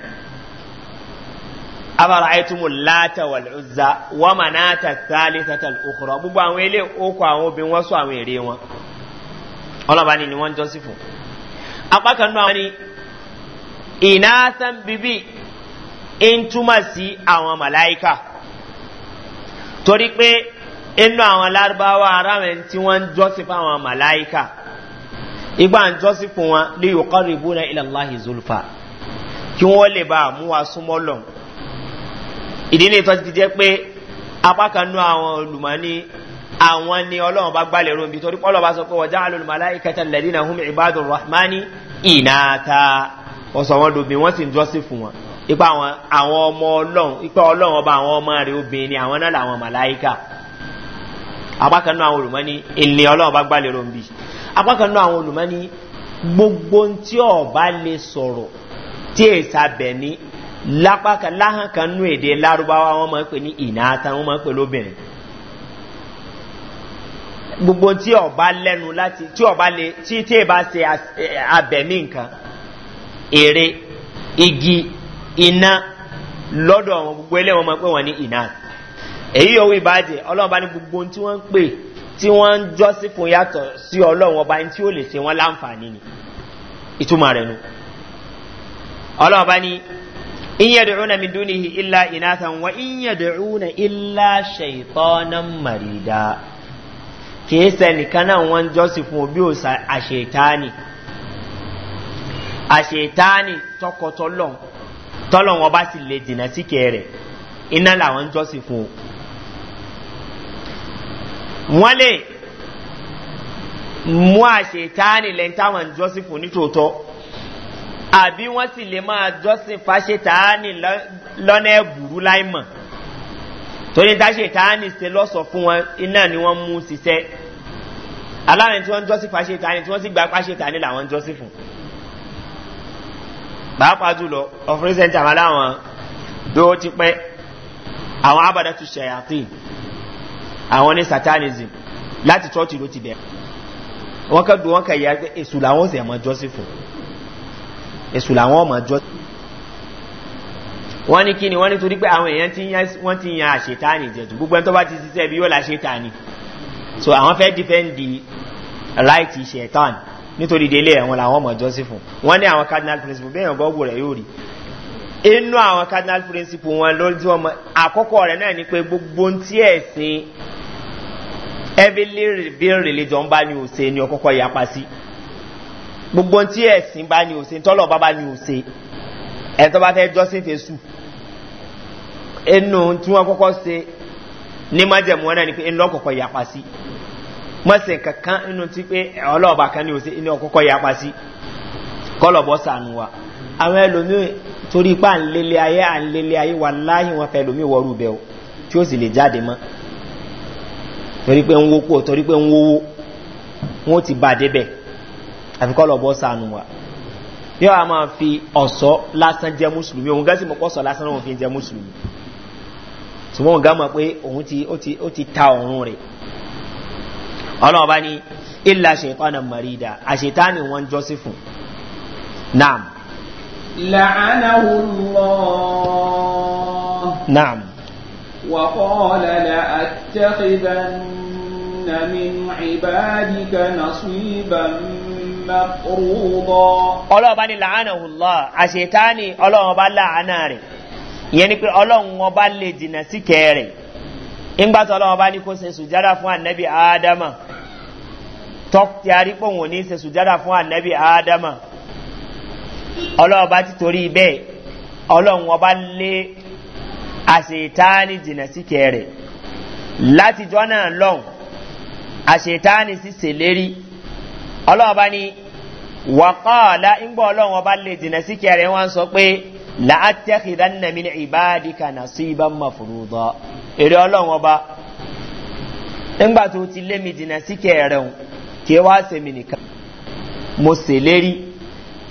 abara aitumu lata wal uzza wa gbogbo àwọn ilé oko àwọn obìnrin wọn sọ àwọn èrè wọn ọlọ́ba ni ni wọ́n fún apá kan náà ni ìnáàtàn bíbí ń túmọ̀ sí àwọn màláìka. torí pé inú àwọn lárúbáwá aráàmẹ tí wọn ń jọ́sìn fún àwọn màláìka ìgbà ń jọ́sìn fún wọn lè yóò kọ́ rìbú náà ilẹ̀ aláhi zulfa kí wọ́n lè bá mú wa súnmọ́ lọ ìdí ní ìtọ́jú ti jẹ́ pé apákanú àwọn olùmọ́ni àwọn ni ọlọ́run bá gbálẹ̀ rò níbi torí pọ́lọ́ bá sọ pé wọ́jà alùmọ́lá ìkẹta lẹ́dínà hùmí ìbádùn rahmani ìnáta ọ̀sán wọn dòbí wọ́n sì ń jọ́sìn fún wọn ipa àwọn àwọn ọmọ ọlọ́run ipa ọlọ́run ọba àwọn ọmọ rẹ̀ obìnrin ni àwọn náà làwọn màláìka apákanú àwọn olùmọ́ ní ilé ọlọ́run bá gbálẹ̀ ló ń bì apákanú àwọn olùmọ́ ní gbogbo tí ọba lè sọ̀rọ̀ tí èsà bẹ̀ ní lápákan láhàn kan nú èdè lárúbáwá wọn máa ń pè ní ìnáta wọn máa ń pè lóbìnrin gbogbo tí ọba lẹ́nu láti tí ọba lè tí tí ì ṣe eh, abẹ̀mí nǹkan èrè igi iná lọ́dọ̀ àwọn gbogbo ẹlẹ́wọ̀n máa pè wọ́n ní iná èyí yòówù ìbàjẹ́ ọlọ́run bá ní gbogbo tí wọ́n ń pè tí wọ́n ń jọ́sí fún yàtọ̀ sí tí ó lè ṣe wọ́n láǹfààní ni ìtumọ̀ rẹ̀ nu ọlọ́run ní iye ilá iná iye ilá màrídà kìí náà wọ́n tọ́lọ́wọ́n bá sì lè jìnnà sí kẹ́ rẹ̀ iná làwọn ń jọ́sìn fún un. wọ́n lè mú àṣetáni lẹ́yìn táwọn ń jọ́sìn fún nítòótọ́ àbí wọ́n sì lè máa jọ́sìn fáṣetáni lọ́nà ẹ̀bùrú láìmọ̀ torí dáṣetáni ṣe lọ́sọ̀ fún wọn iná ni wọ́n mú ṣiṣẹ́ aláàrin tí wọ́n ń jọ́sìn fáṣetáni tí wọ́n sì gba fáṣetáni làwọn ń jọ́sìn fún un pàápàá jùlọ ọ̀fíìsì ẹ̀ńtà wà láwọn tó ti pẹ́ àwọn abàdá tu ṣẹ̀yàtì àwọn ní satanism láti chọ́ọ̀tì ló ti bẹ̀rẹ̀ wọ́n kẹ́ dùn wọ́n kẹ́ yẹ èsù làwọn ọ̀sẹ̀ ọmọ jọ́sí fún èsù làwọn ọmọ jọ́sí wọ́n ní kí ni wọ́n ní torí pé àwọn èèyàn wọ́n ti yan àṣetáni jẹ̀jù gbogbo ẹni tó bá ti ṣiṣẹ́ bí yóò la ṣetáni so àwọn fẹ́ dífẹ́ǹdì láìtì ṣẹ̀tàn nítorí délé ẹ̀wọ̀n làwọn ọmọ ìjọsìn fún wọn ní àwọn cardinal principle bẹ́ẹ̀ yàn gọ́gùn rẹ̀ yóò rí inú àwọn cardinal principle wọn lójú ọmọ àkọ́kọ́ rẹ̀ náà ni pé gbogbo ń tí ẹ̀sìn heavily revealed religion bá ní òsè ni ọkọ́kọ́ yapa sí gbogbo ń tí ẹ̀sìn bá ní òsè tọ́lọ̀ bá bá ní òsè ẹ̀ tó bá fẹ́ jọ́sìn fèsù inú tí wọ́n kọ́kọ́ se ni májẹ̀mú wọn náà ni pé inú ọkọ̀kọ́ yapa sí mọ́sẹ̀ kankan inú ti pé ọlọ́ọ̀bà kan ní òsè inú ọkọ̀kọ̀ yapa sí kọlọ̀bọ̀ sànù wa àwọn ẹlòmíì torí pa à ń lélẹ̀ ayé à ń lélẹ̀ ayé wà láàyè wọn fẹ́ ẹlòmíì wọ́rù bẹ́ẹ̀ o tí ó sì lè jáde mọ́ torí pé ń wo pò torí pé ń wowó wọn ó ti bà débẹ̀ àfi kọlọ̀bọ̀ sànù wa yóò wá máa fi ọ̀sọ́ lásán jẹ́ mùsùlùmí òun gẹ́sì mọ́ pọ́sọ̀ lásán òun fi jẹ́ mùsùlùmí ṣùgbọ́n òun mọ̀ pé òun ti ta ọ̀run rẹ̀ ọlọ́ọ̀bá ní ilà ṣètọ́nà mọ̀rídà àṣetáni wọn jọ́sí fún naam. làánàwó lọ. naam. وقال لأتخذن من عبادك نصيبا مفروضا ọlọ́ọ̀bá ni làánàwó lọ àṣetáni ọlọ́ọ̀bá làánà rẹ̀ ìyẹn ni pé ọlọ́run ọba lè dìnà sí kẹrẹ̀ ńgbàtọ̀ ọlọ́run ọba ní kó ṣe sùjádà fún ànábì ádámà tọ́ yarí pọ̀ ní sẹ̀sù jáda fún ànábì ọlọ́ọ̀bá ti torí bẹ́ẹ̀ ọlọ́run lé àṣetáni jìnà síkẹ̀ rẹ̀ látijọ́ náà lọ́hùn àṣetáni sì ọlọ́ọ̀bá ni wàkọ́ọ̀lá ńgbọ́ ọlọ́run lè jìnà wọ́n sọ pé kí wá sẹ́mi nìkan mo sì lérí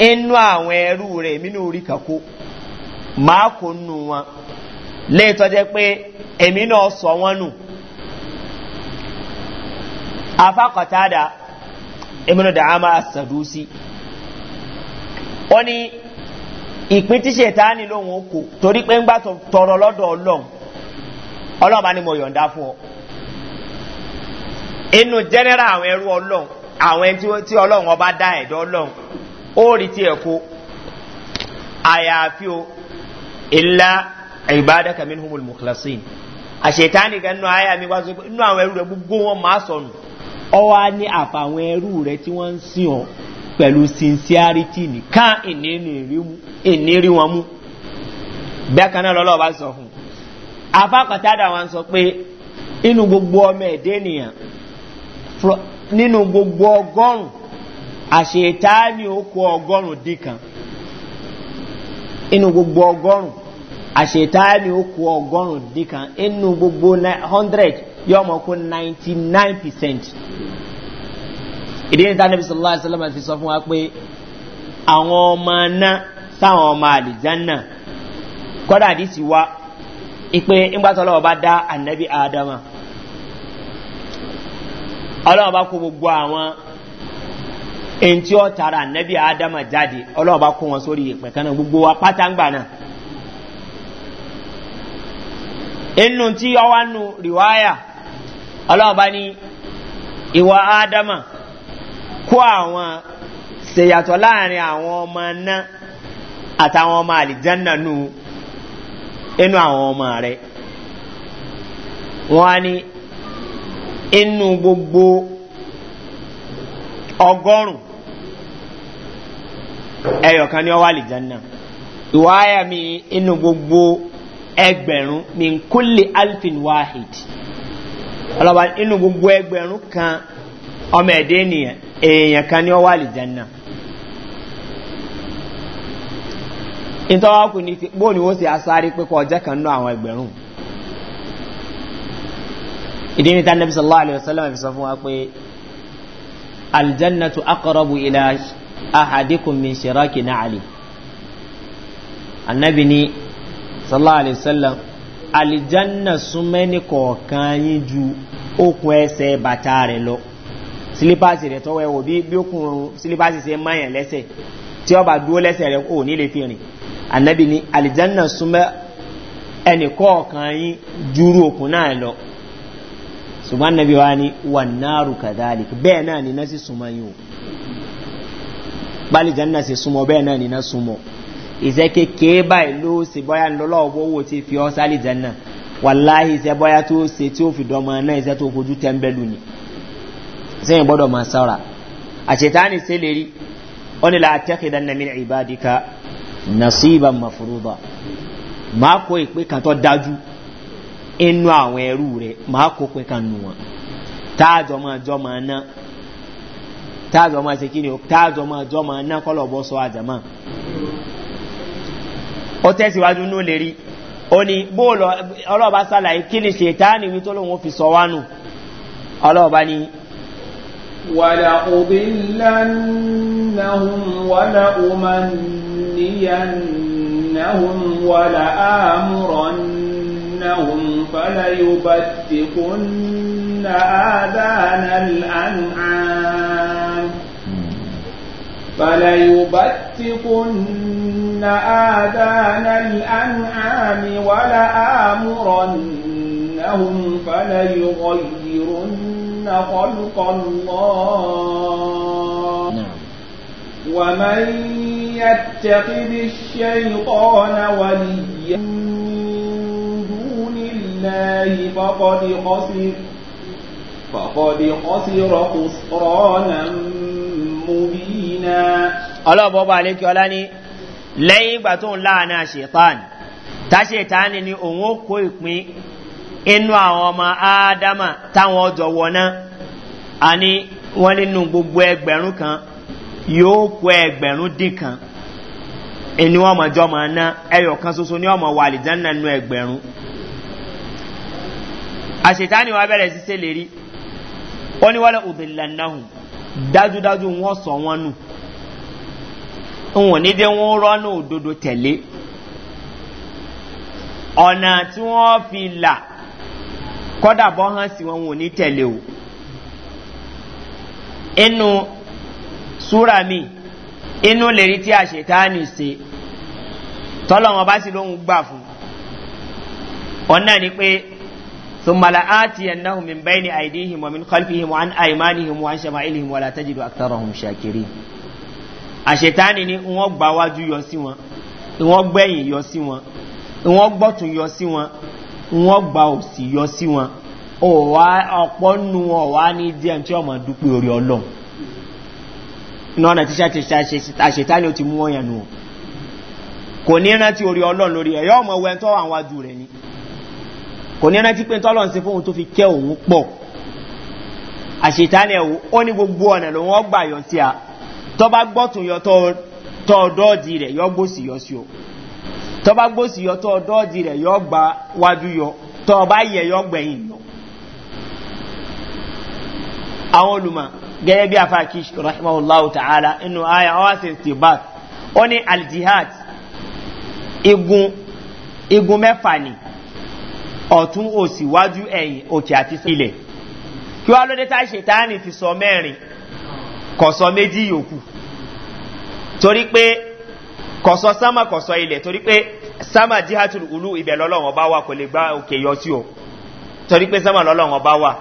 inú àwọn ẹrú rẹ̀ mínú orí kakó máa kó nù wọn lẹ́yìn tó jẹ́ pé èmi náà sọ wọ́n nù afakọ̀tádà ìmúnú dàámà sàdúsí ó ní ìpín tí ṣètáni lòun kò torí pé ń gbà tọrọ lọdọ ọlọ́run ọlọ́run bá ní mo fún ọ inú general àwọn ẹrú ọlọ́run àwọn ẹni tí ọlọ́run ọba dá ẹ̀dọ́ ọlọ́run ó rí tí ẹ̀kọ́ àyàfi o ilá ìbádàkà minhumul mukhlasin àṣetánì kan nù àyà mi wá sọ pé inú àwọn ẹrú rẹ gbogbo wọn máa sọnù ọwọ́ á ní àfà àwọn ẹrú rẹ tí wọ́n ń sìn ọ́ pẹ̀lú sincerity nìkan ìnírí wọn mú bẹ́ẹ̀ kan náà lọ́lọ́ bá sọ fún un àfà pàtàdà wọn sọ pé inú gbogbo ọmọ ẹ̀dẹ́ nìyàn nínú gbogbo ọgọ́rùn àṣetáni okò ọgọ́rùn dìkan inú gbogbo ọgọ́rùn àṣetáni okò ọgọ́rùn dìkan inú gbogbo 100 yọmọ kó 99 percent ìdí níbi sọlá àṣẹlẹmà ti sọ fún wa pé àwọn ọmọ aná sáwọn ọmọ àlìjánà kọ́dà dì si wa ìpè ńgbàtọ́lọ́wọ́ bá dá ànábì ádámà ọlọ́run bá kó gbogbo àwọn èyí tí ó tara ànẹ́bí ádámà jáde ọlọ́run bá kó wọn sórí ìpẹ̀ kan náà gbogbo wa pátáǹgbà náà inú tí ọwá nu rìwáyà ọlọ́run bá ní ìwà ádámà kó àwọn ṣèyàtọ̀ láàrin àwọn ọmọ náà àtàwọn ọmọ àlìjánà nù inú àwọn ọmọ rẹ̀ wọ́n á ní inú gbogbo ọgọ́rùn ẹyọ̀kan ni ọ wà lìjánná ìwáyà mi inú gbogbo ẹgbẹ̀rún mi kúlè alfin wahid ọlọ́ba inú gbogbo ẹgbẹ̀rún kan ọmọ ẹ̀dẹ́ ènìyàn èèyàn kan ni ọ wà lìjánná ìtọ́wọ́kù ni bóòlù ó sì asáré pé kọjá kan náà àwọn ẹgbẹ̀rún ìdí ní tánàbí sallallahu alayhi wa sallam fi sọ fún wa pé aljannatu akọrọbu ila ahadikun min shiraki na ali annabi ni sallallahu alayhi wa sallam aljanna súnmẹ́ni kọ̀ọ̀kan yín ju okùn ẹsẹ̀ bàtà rẹ̀ lọ sílípàsì rẹ̀ tọ́wọ́ ẹ̀wò bí okùn sílípàsì ṣe máyàn lẹ́sẹ̀ tí ọba dúró lẹ́sẹ̀ rẹ̀ ò ní lè fi rìn annabi ni aljanna súnmẹ́ ẹnì kọ̀ọ̀kan yín júrú okùn náà lọ ṣùgbọ́n nàbí wa ni wà náàrù kàdálìk bẹ́ẹ̀ náà ni náà sì súnmọ́ yìí o báli janna sì súnmọ́ bẹ́ẹ̀ náà ni náà súnmọ́ ìṣẹ́ kékeré báyìí ló sì bọ́yá lọ́lọ́ ọ̀bọ̀ owó ti fi ọ́ sálì janna wàláhì ìṣẹ́ bọ́yá tó ṣe tí ó fi dọ́mọ náà ìṣẹ́ tó fojú tẹ́ńbẹ́lú ni sẹ́yìn gbọ́dọ̀ máa sára àṣetáni sẹ́lẹ̀rí ó ní látẹ́kìdá nàmí ìbádìíka nasíba mafuruba máa kó ìpé kan tó dájú inú àwọn ẹrú rẹ̀ máa kó pé kan nù wọn táàjọ máa jọ máa ná táàjọ máa ṣe kí ni o táàjọ máa jọ máa ná kọ́lọ̀ bọ́ sọ àjàmá ó tẹ̀síwájú ní ó rí ó ní bóòlù ọlọ́ọ̀bá sàlàyé kí ni ṣètáàní wí tó lóun fi sọ wánu ọlọ́ọ̀bá ni. wàlà òbí ńlá náà wàlà òmà níyà náà wàlà àmúrọ̀ náà. دونهم فليبتكن آذان الأنعام فليبتكن آذان الأنعام ولآمرنهم فليغيرن خلق الله نعم. ومن يتخذ الشيطان وليا الله فقد خسر فقد خسر خسرانا مبينا الله بابا عليك ولا ني lẹ́yìn ìgbà tó ń láàánà ṣètàn táṣètàn ni òun ó kó ìpín inú àwọn ọmọ ádámà táwọn ọjọ́ wọná a ní nínú gbogbo ẹgbẹ̀rún kan yóò kó ẹgbẹ̀rún dín kan ẹni wọ́n mọ̀jọ́ mọ̀ ná ẹyọ̀ kan ṣoṣo ní ọmọ wàlìjánà nínú ẹgbẹ̀rún àṣetáni wa bẹ̀rẹ̀ sí sẹ́lẹ̀rí ó ní wọ́lẹ̀ òbìlànàhùn dájúdájú wọ́n sọ wọn nù wọn ní dé wọn rọ́nà òdodo tẹ̀lé ọ̀nà tí wọ́n fi là kọ́dà bọ́ hàn sí wọn wọn ní tẹ̀lé o inú súra mi inú lèrí tí àṣetáni ṣe tọ́lọ́wọ́n bá sì lóhun gbà fún ọ̀nà ni pé. ثم لآتينهم من بين أيديهم ومن خلفهم وعن أيمانهم وعن شمائلهم ولا تجد أكثرهم شاكرين àṣetáni ni wọ́n gbà wájú yọ sí wọn wọ́n gbẹ̀yìn yọ sí wọn wọ́n gbọ́tún yọ sí wọn wọ́n gbà òsì yọ sí wọn ọ̀pọ̀ nu ọ̀wá ní díẹ̀ tí ọmọ dúpẹ́ orí ọlọ́run iná ọ̀nà tíṣà ti àṣetáni ó ti mú wọn yẹn nù kò ní rántí orí ọlọ́run lórí ẹ̀ yọ ọmọ wẹ́ńtọ́ àwọn wájú rẹ̀ ni kò ní rántí pé tọ́lọ̀ ń se fóun tó fi kẹ́ òun pọ̀ àṣetánì ẹ̀wò ó ní gbogbo ọ̀nà ló a tọ́ bá gbọ́tún yọ tọ́ ọdọ́ọ̀dì rẹ̀ yọ gbòsì yọ sí o tọ́ bá gbòsì yọ tọ́ ọdọ́ọ̀dì rẹ̀ yọ gba wájú yọ tọ́ yẹ yọ gbẹ̀yìn àwọn olùmọ̀ gẹ́gẹ́ ta'ala inú aya ó ní igun mẹ́fà ni. ọ̀tún òsì wájú ẹ̀yìn òkè àti ilẹ̀ kí wá lóde tá ṣètáàní fi sọ mẹ́rin kọ̀sọ méjì yòókù torí pé kọ̀sọ sámà kọ̀sọ ilẹ̀ torí pé sámà jihatul ulu ibẹ̀ lọ́lọ́wọ́n bá wà kò lè gbá òkè yọ sí o torí pé sámà lọ́lọ́wọ́n bá wà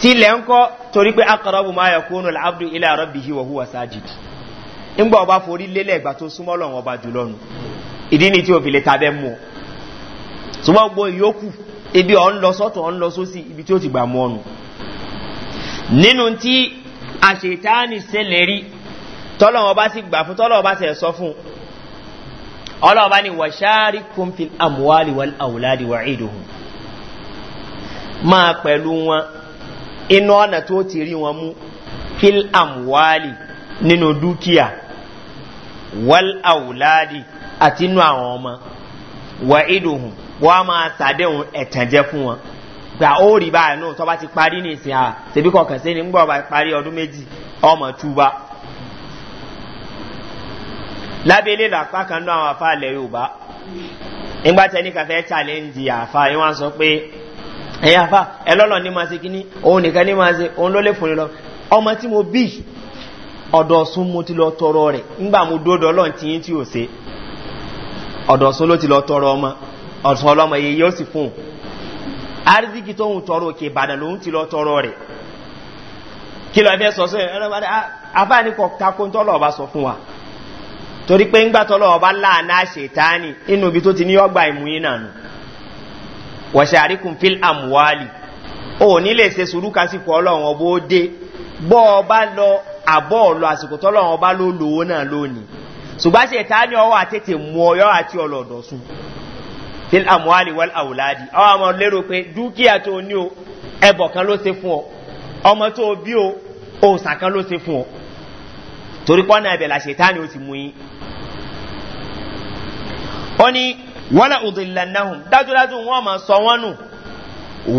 tilẹ̀ ń kọ́ torí pé akọ̀rọ̀bù máa yẹ kó nùlá ilẹ̀ arọ́bì yìí wọ̀hú wà sáàjìd ńgbà ọba forí lélẹ̀ tó súnmọ́ lọ́wọ́n ọba jùlọ nù ìdí ni tí òfin lè tabẹ́ mú o ṣùgbọ́n gbogbo ìyókù ibi ọ̀ ń lọ sọ́tọ̀ ọ̀ ń lọ sósì ibi tí ó ti gbà mọ́ ọ̀nù nínú tí àṣetáni ṣèlérí tọ́lọ́wọ́ bá sì gbà fún tọ́lọ́wọ́ bá sì sọ fún ọlọ́wọ́ bá ní wàṣáàrí kúnfin àmúwálì àwùládì wà ìdòhùn máa pẹ̀lú wọn inú ọ̀nà tó ti rí wọn mú fil àmúwálì nínú dúkìá wàl àwùládì àti inú àwọn ọmọ wà ìdòhùn wọ́n á máa sàdéhùn ẹ̀tànjẹ fún wọn gbà ó rí báyìí náà tọ́ba ti parí ní ìsìn àà ṣèbí kọ̀ọ̀kan sí ni ń gbọ́ bá parí ọdún méjì ọmọ túbá lábẹ́lẹ́ làpá kan náà àwọn afá ilẹ̀ yorùbá nígbà tẹ́ ní kàfẹ́ challenge àfa yín wá sọ pé ẹ̀yin afa ẹlọ́lọ́ ní máa ṣe kíní òun nìkan ní máa ṣe òun ló lè fún ni lọ ọmọ tí mo bí ọ̀dọ̀sùn mo ti lọ tọrọ rẹ̀ nígbà mo dódọ̀ ọlọ́run tí yín tí ò ṣe ọ̀dọ̀sùn ló ti lọ tọrọ ọmọ ọ̀sán ọlọ́mọ yìí yóò sì fún un arziki tó ń tọrọ òkè ìbàdàn lòún ti lọ tọrọ rẹ̀ kí lọ fẹ́ sọ sẹ́yìn ẹ̀rọ àbáni kọ tako tọ́lọ̀ ọba sọ fún wa torí pé ńgbà tọ́lọ̀ ọba láàánà ṣètáni inú ibi tó ti ní ọgbà ìmúyín náà nù wọ̀ṣẹ̀ àríkùn fíl àmúwálì ò ní lè ṣe sùúrù kásìkò ọlọ́run ọba ó dé bọ́ ọba lọ àbọ̀ ọ̀lọ́ àsìkò tọ́lọ́run ọba ló lòó náà lónìí ṣùgbọ́n ṣètáni ọwọ́ àtètè mú ọyọ́ àti ọlọ́dọ̀ sùn fil amuali wal awuladi àwọn ọmọ lérò pé dúkìá tó ní o ẹbọ kan ló ṣe fún ọ ọmọ tó bí o òòsàn kan ló ṣe fún ọ torí pọ́nà ẹ̀bẹ̀ là ṣètánì ó ti mú yín. ó ní wọ́lá ọ̀dùnlànàhùn dájúdájú wọn máa sọ wọn nù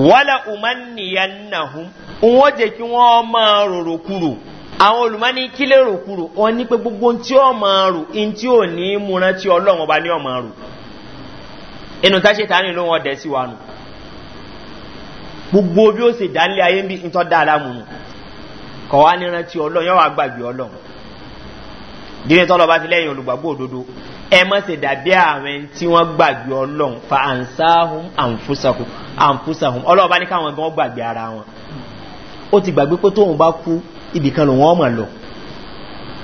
wọ́lá ọ̀mánìyànnàhùn wọn jẹ́ kí wọ́n máa rorò kúrò àwọn olùmọ́ni kílẹ̀ rò kúrò wọn ní pé gbogbo ohun tí ó rò ohun tí ò ní múra tí ọlọ́run ọba ní ọ̀ rò inú tá ṣe tání ló wọn dẹ̀ sí wa nù gbogbo bí ó sì dánilé ayé ń bí ń tọ́ dáadáa mu nù kọ̀ wá ní rántí ọlọ́run yóò wá gbàgbé ọlọ́run dídí tọ́lọ́ bá fi lẹ́yìn olùgbàgbọ́ òdodo ẹ mọ́ sì dàbí àwọn tí wọ́n gbàgbé ọlọ́run fa ànsáhùn ànfúsàhùn ànfúsàhùn ọlọ́run bá ní káwọn gan gbàgbé ara wọn ó ti gbàgbé pé tóun bá kú ibìkan lòun ọmọ lọ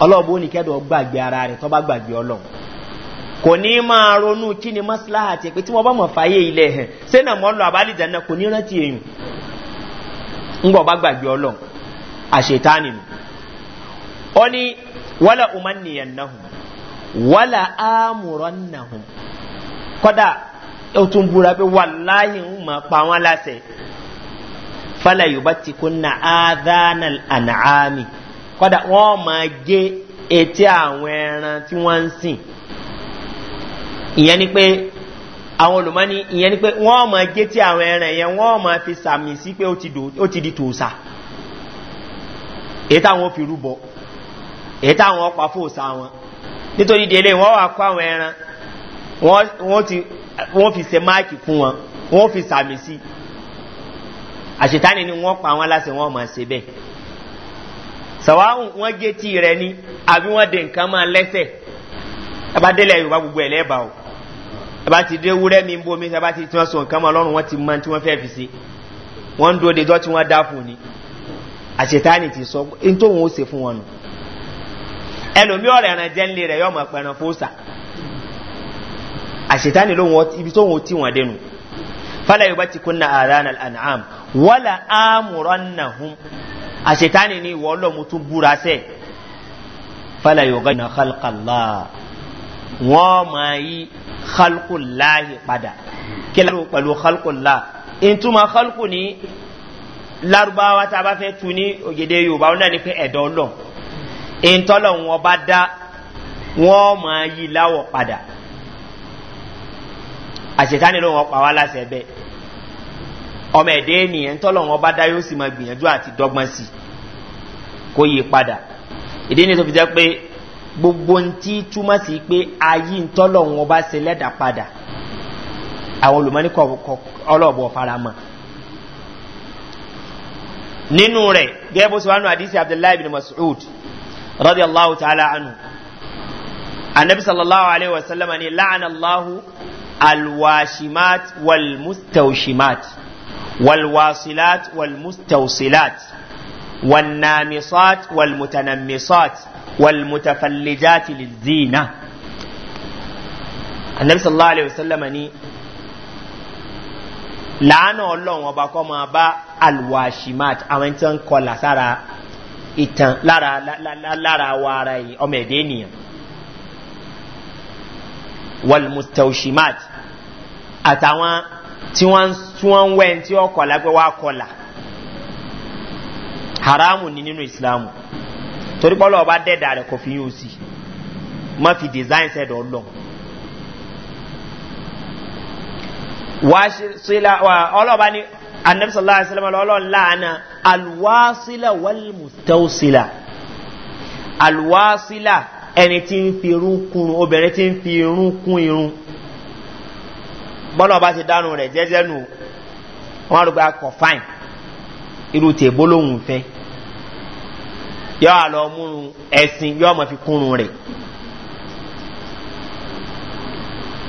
ọlọ́run bó ní kẹ́dọ̀ gbàgbé ara rẹ̀ tọ́ bá gbàgbé ọlọ́run kò ní máa ronú kí ni maslaha ti pé tí wọ́n bá mọ̀ fàyè ilẹ̀ hẹ̀ sẹ́nà mọ́ lọ àbálìjà náà kò ní rántí èèyàn ńgbọ̀ bá gbàgbé ọlọ́n àṣetánì nù ọ ní wọ́lá náà wọ́lá náà kọ́dà ó pa wọ́n na ádánà ana kọ́dà wọ́n máa gé etí àwọn ẹran tí ìyẹn ni pé àwọn olùmọ́ni ìyẹn ni pé wọ́n mọ̀ gé tí àwọn ẹran yẹn wọ́n mọ̀ fi sàmì sí pé ó ti di tòòsà èyí táwọn fi rúbọ èyí táwọn ọpa fòòsà wọn nítorí délé wọ́n wà kó àwọn ẹran wọ́n fi se máàkì fún wọn wọ́n fi sàmì sí àṣetáni ni wọ́n pa wọn láti wọ́n mọ̀ ṣe bẹ́ẹ̀ sàwáhùn wọ́n gé tí rẹ ni àbí wọ́n dé nǹkan máa lẹ́sẹ̀ ẹ bá délẹ̀ yorùbá gbogbo ẹ̀ lẹ́ẹ̀bà o ẹba ti dé wúrẹ́ mi ń bomi ẹba ti tí wọ́n so nǹkan mọ́ ọlọ́run wọ́n ti mọ tí wọ́n fẹ́ fi sí wọ́n ń dúró de jọ́ tí wọ́n dá fún ni àṣetáni ti sọ ní tó wọn ó se fún wọn nù ẹlòmí ọ̀rẹ́ ẹran jẹ́ ńlẹ̀ rẹ̀ yọmọ pẹ̀ràn fóòsà àṣetáni ló wọn ibi tó wọn ó tí wọn dénú fọlá yorùbá ti kún ní àdán al'anam wọ́lá àmúrán nà àṣetáni ni ìwọ ọlọ́mu tún búra sẹ́ fọlá yorùbá na khalqallah wọ́n máa yí khalqullahi padà kí ló pẹ̀lú khalqullah ìtumọ̀ khalqu ní larubawa tá a bá fẹ́ tu ní ògèdè yorùbá ó náà ní pé ẹ̀dọ́ lọ ìtọ́lọ̀ wọn bá dá wọn máa yí láwọ̀ padà àṣetánì ló wọn pa wá láṣẹ bẹ́ẹ̀ ọmọ ẹ̀dẹ́ ènìyàn tọ́lọ̀ wọn bá dá yóò sì máa gbìyànjú àti dọ́gbọ́n sí kó yí padà ìdí ni tó fi jẹ́ pé gbogbo ntí túmọ̀ sí pé ayé ntọ́lọ̀ wọn bá se lẹ́dà padà àwọn olùmọ́ni ọlọ́ọ̀bọ̀ faramọ́ nínú rẹ̀ gẹ́gẹ́ bó ṣe wà nù àdísì abdullahi bin mas'ud radi allahu ta'ala anu anabi sallallahu alaihi wasallam ni la'ana allahu alwashimat walmustawshimat walwasilat walmustawsilat والنامصات والمتنمصات والمتفلجات للزينة النبي صلى الله عليه وسلم ني láàánà ọlọ́run ọba kọ́ máa bá alwashimat àwọn tí wọ́n ń kọlà sára ìtàn lára wa ara yìí ọmọ ẹ̀dẹ́ ènìyàn walmustawshimat àtàwọn tí wọ́n ń wẹ́n tí wọ́n kọlà pé wá kọlà haramu ni nínú ìsìlámù. No torí pọ́lọ́ ọba dẹ́dà rẹ̀ kò fi yín òsì má fi design sẹ́dọ̀ ọlọ́ ọlọ́ba ni anabi sallallahu alayhi wa sallam ọlọ́run láàánà alwasila walmustausila alwasila ẹni tí ń fi irun kun obìnrin tí ń fi irun kun irun bọ́lá ọba ti dánú rẹ̀ jẹ́jẹ́ nù wọ́n á rò fáìn irú tèbó lòun fẹ́ yọ àlọ́ múrun ẹ̀sìn yọ ọmọ fi kúrun rẹ̀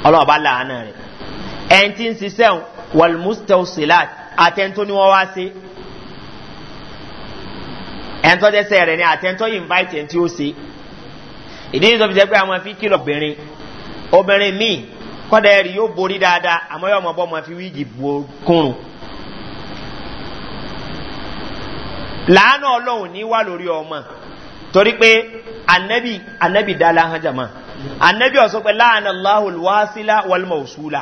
ọlọ́wọ́ bá làánà rẹ̀ ẹn tí ń ṣiṣẹ́ wàlmústẹ́wò àtẹ́ntó ni wọ́n wá sí ẹ̀ntọ́ dẹ́sẹ̀ rẹ̀ ni àtẹ́ntó invite ẹ̀ tí ó ṣe ìdí ní sọ́fíìsì pé àwọn fi kìlọ̀ obìnrin obìnrin míì kọ́dà ẹ̀rì yóò borí dáadáa àmọ́ yọ làánà ọlọ́run ní wà lórí ọmọ torí pé anabi anabi dala hàn jama anabi ọ̀sọ́ pé láàánà láhùl wásílà wàlmọ̀ òṣùlà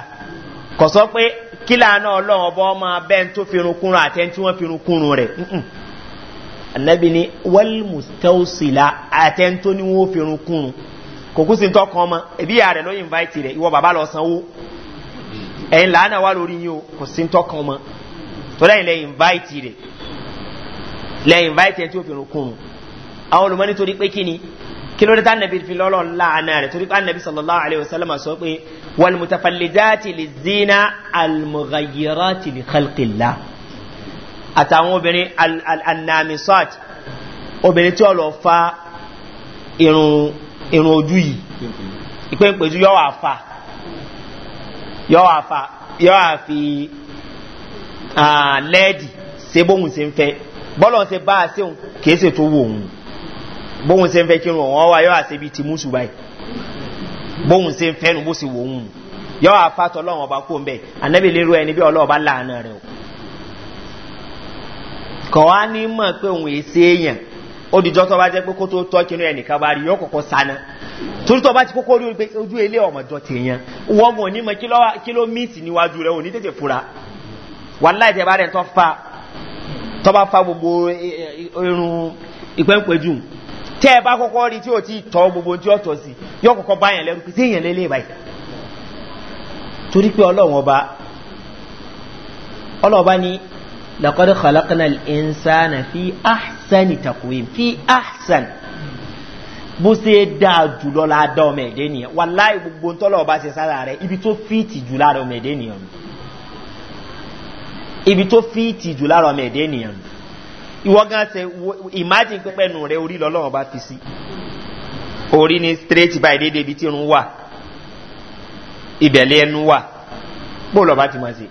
sọ pé kí làánà ọlọ́run ọba ọmọ abẹ́ tó firun kúrun àtẹ́ tí wọ́n firun kúrun rẹ̀ anabi ní wàlmùsítẹ́wòsílà àtẹ́ tó la wọ́n firun kúrun kò kú sí ń ọmọ ẹbí rẹ̀ ló invite rẹ̀ ìwọ bàbá lọ sanwó ẹ̀yin wà lórí yín o kò sí ń ọmọ tó lẹ́yìn invite rẹ̀ lẹ invite ẹ tí ó fi rúkún àwọn olùmọ́ nítorí pé kí ni kí ló dé tá nàbí fi lọ́lọ́ láàánà rẹ̀ torí pé nàbí sallallahu alayhi wa sallam sọ pé wal mutafallijati li zina al mughayyirati li khalqillah àtàwọn obìnrin annamisat obìnrin tí ó lọ fa irun irun ojú yìí ìpéǹpéjú yọ wà fa yọ wà fa yọ wà fi ah, lẹ́ẹ̀dì ṣe bóhùn ń fẹ́ bọ́lọ̀ se bá a ṣeun kìí ṣe tó wò òun bóun ṣe ń fẹ́ kírun òun ọwọ́ yóò àṣebi ti mú ṣùgbọ́n bóun ṣe ń fẹ́nu bó ṣe wò òun yóò àfàtọ̀ ọlọ́run ọba kó ń bẹ̀ ànábì lérò ẹni bí ọlọ́ọ̀ba láàánú rẹ̀ o kàn wá ní mọ̀ pé òun èsì èèyàn ó dìjọ́ tó bá jẹ́ pé kó tó tọ́ kínú ẹnìkan bá rí yóò kọ́kọ́ sáná torí tó bá ti kókó rí pé ojú ilé ọmọdọ́ ti yẹn wọ́n mọ̀ ní mọ̀ kí ló mí tọ́ba fa gbogbo eh, eh, irun ìpẹ́ǹpẹ́jù tẹ́ ẹ bá kọ́kọ́ rí tí o ti tọ́ gbogbo tí o tọ́ sí yọ kọ́kọ́ bá yẹn lẹ́rú sí yẹn lélẹ́ báyìí torí pé ọlọ́run ọba ọlọ́ọ̀bá ni lakọ́dọ̀ kọ̀lọ́kọ̀nà ìnsánà fi ahsani takwim fi ahsan bó ṣe dáa jùlọ ládọ́ ọmọ ẹ̀dẹ́ nìyẹn wàláì gbogbo ntọ́lọ́ọ̀bá ṣe sára rẹ ibi tó fìtì jù ládọ́ ọmọ ẹ̀dẹ́ nìyẹn ibi tó fi ìtìjú lára ọmọ ẹ̀dẹ́ ènìyàn ìwọ gan ṣe ìmájì pẹ́pẹ́nu rẹ orí lọ́lọ́run bá fi sí orí ni straight by déédéé ibi tí irun wà ìbẹ̀lẹ̀ ẹnu wà bó lọ́ba ti máa ṣe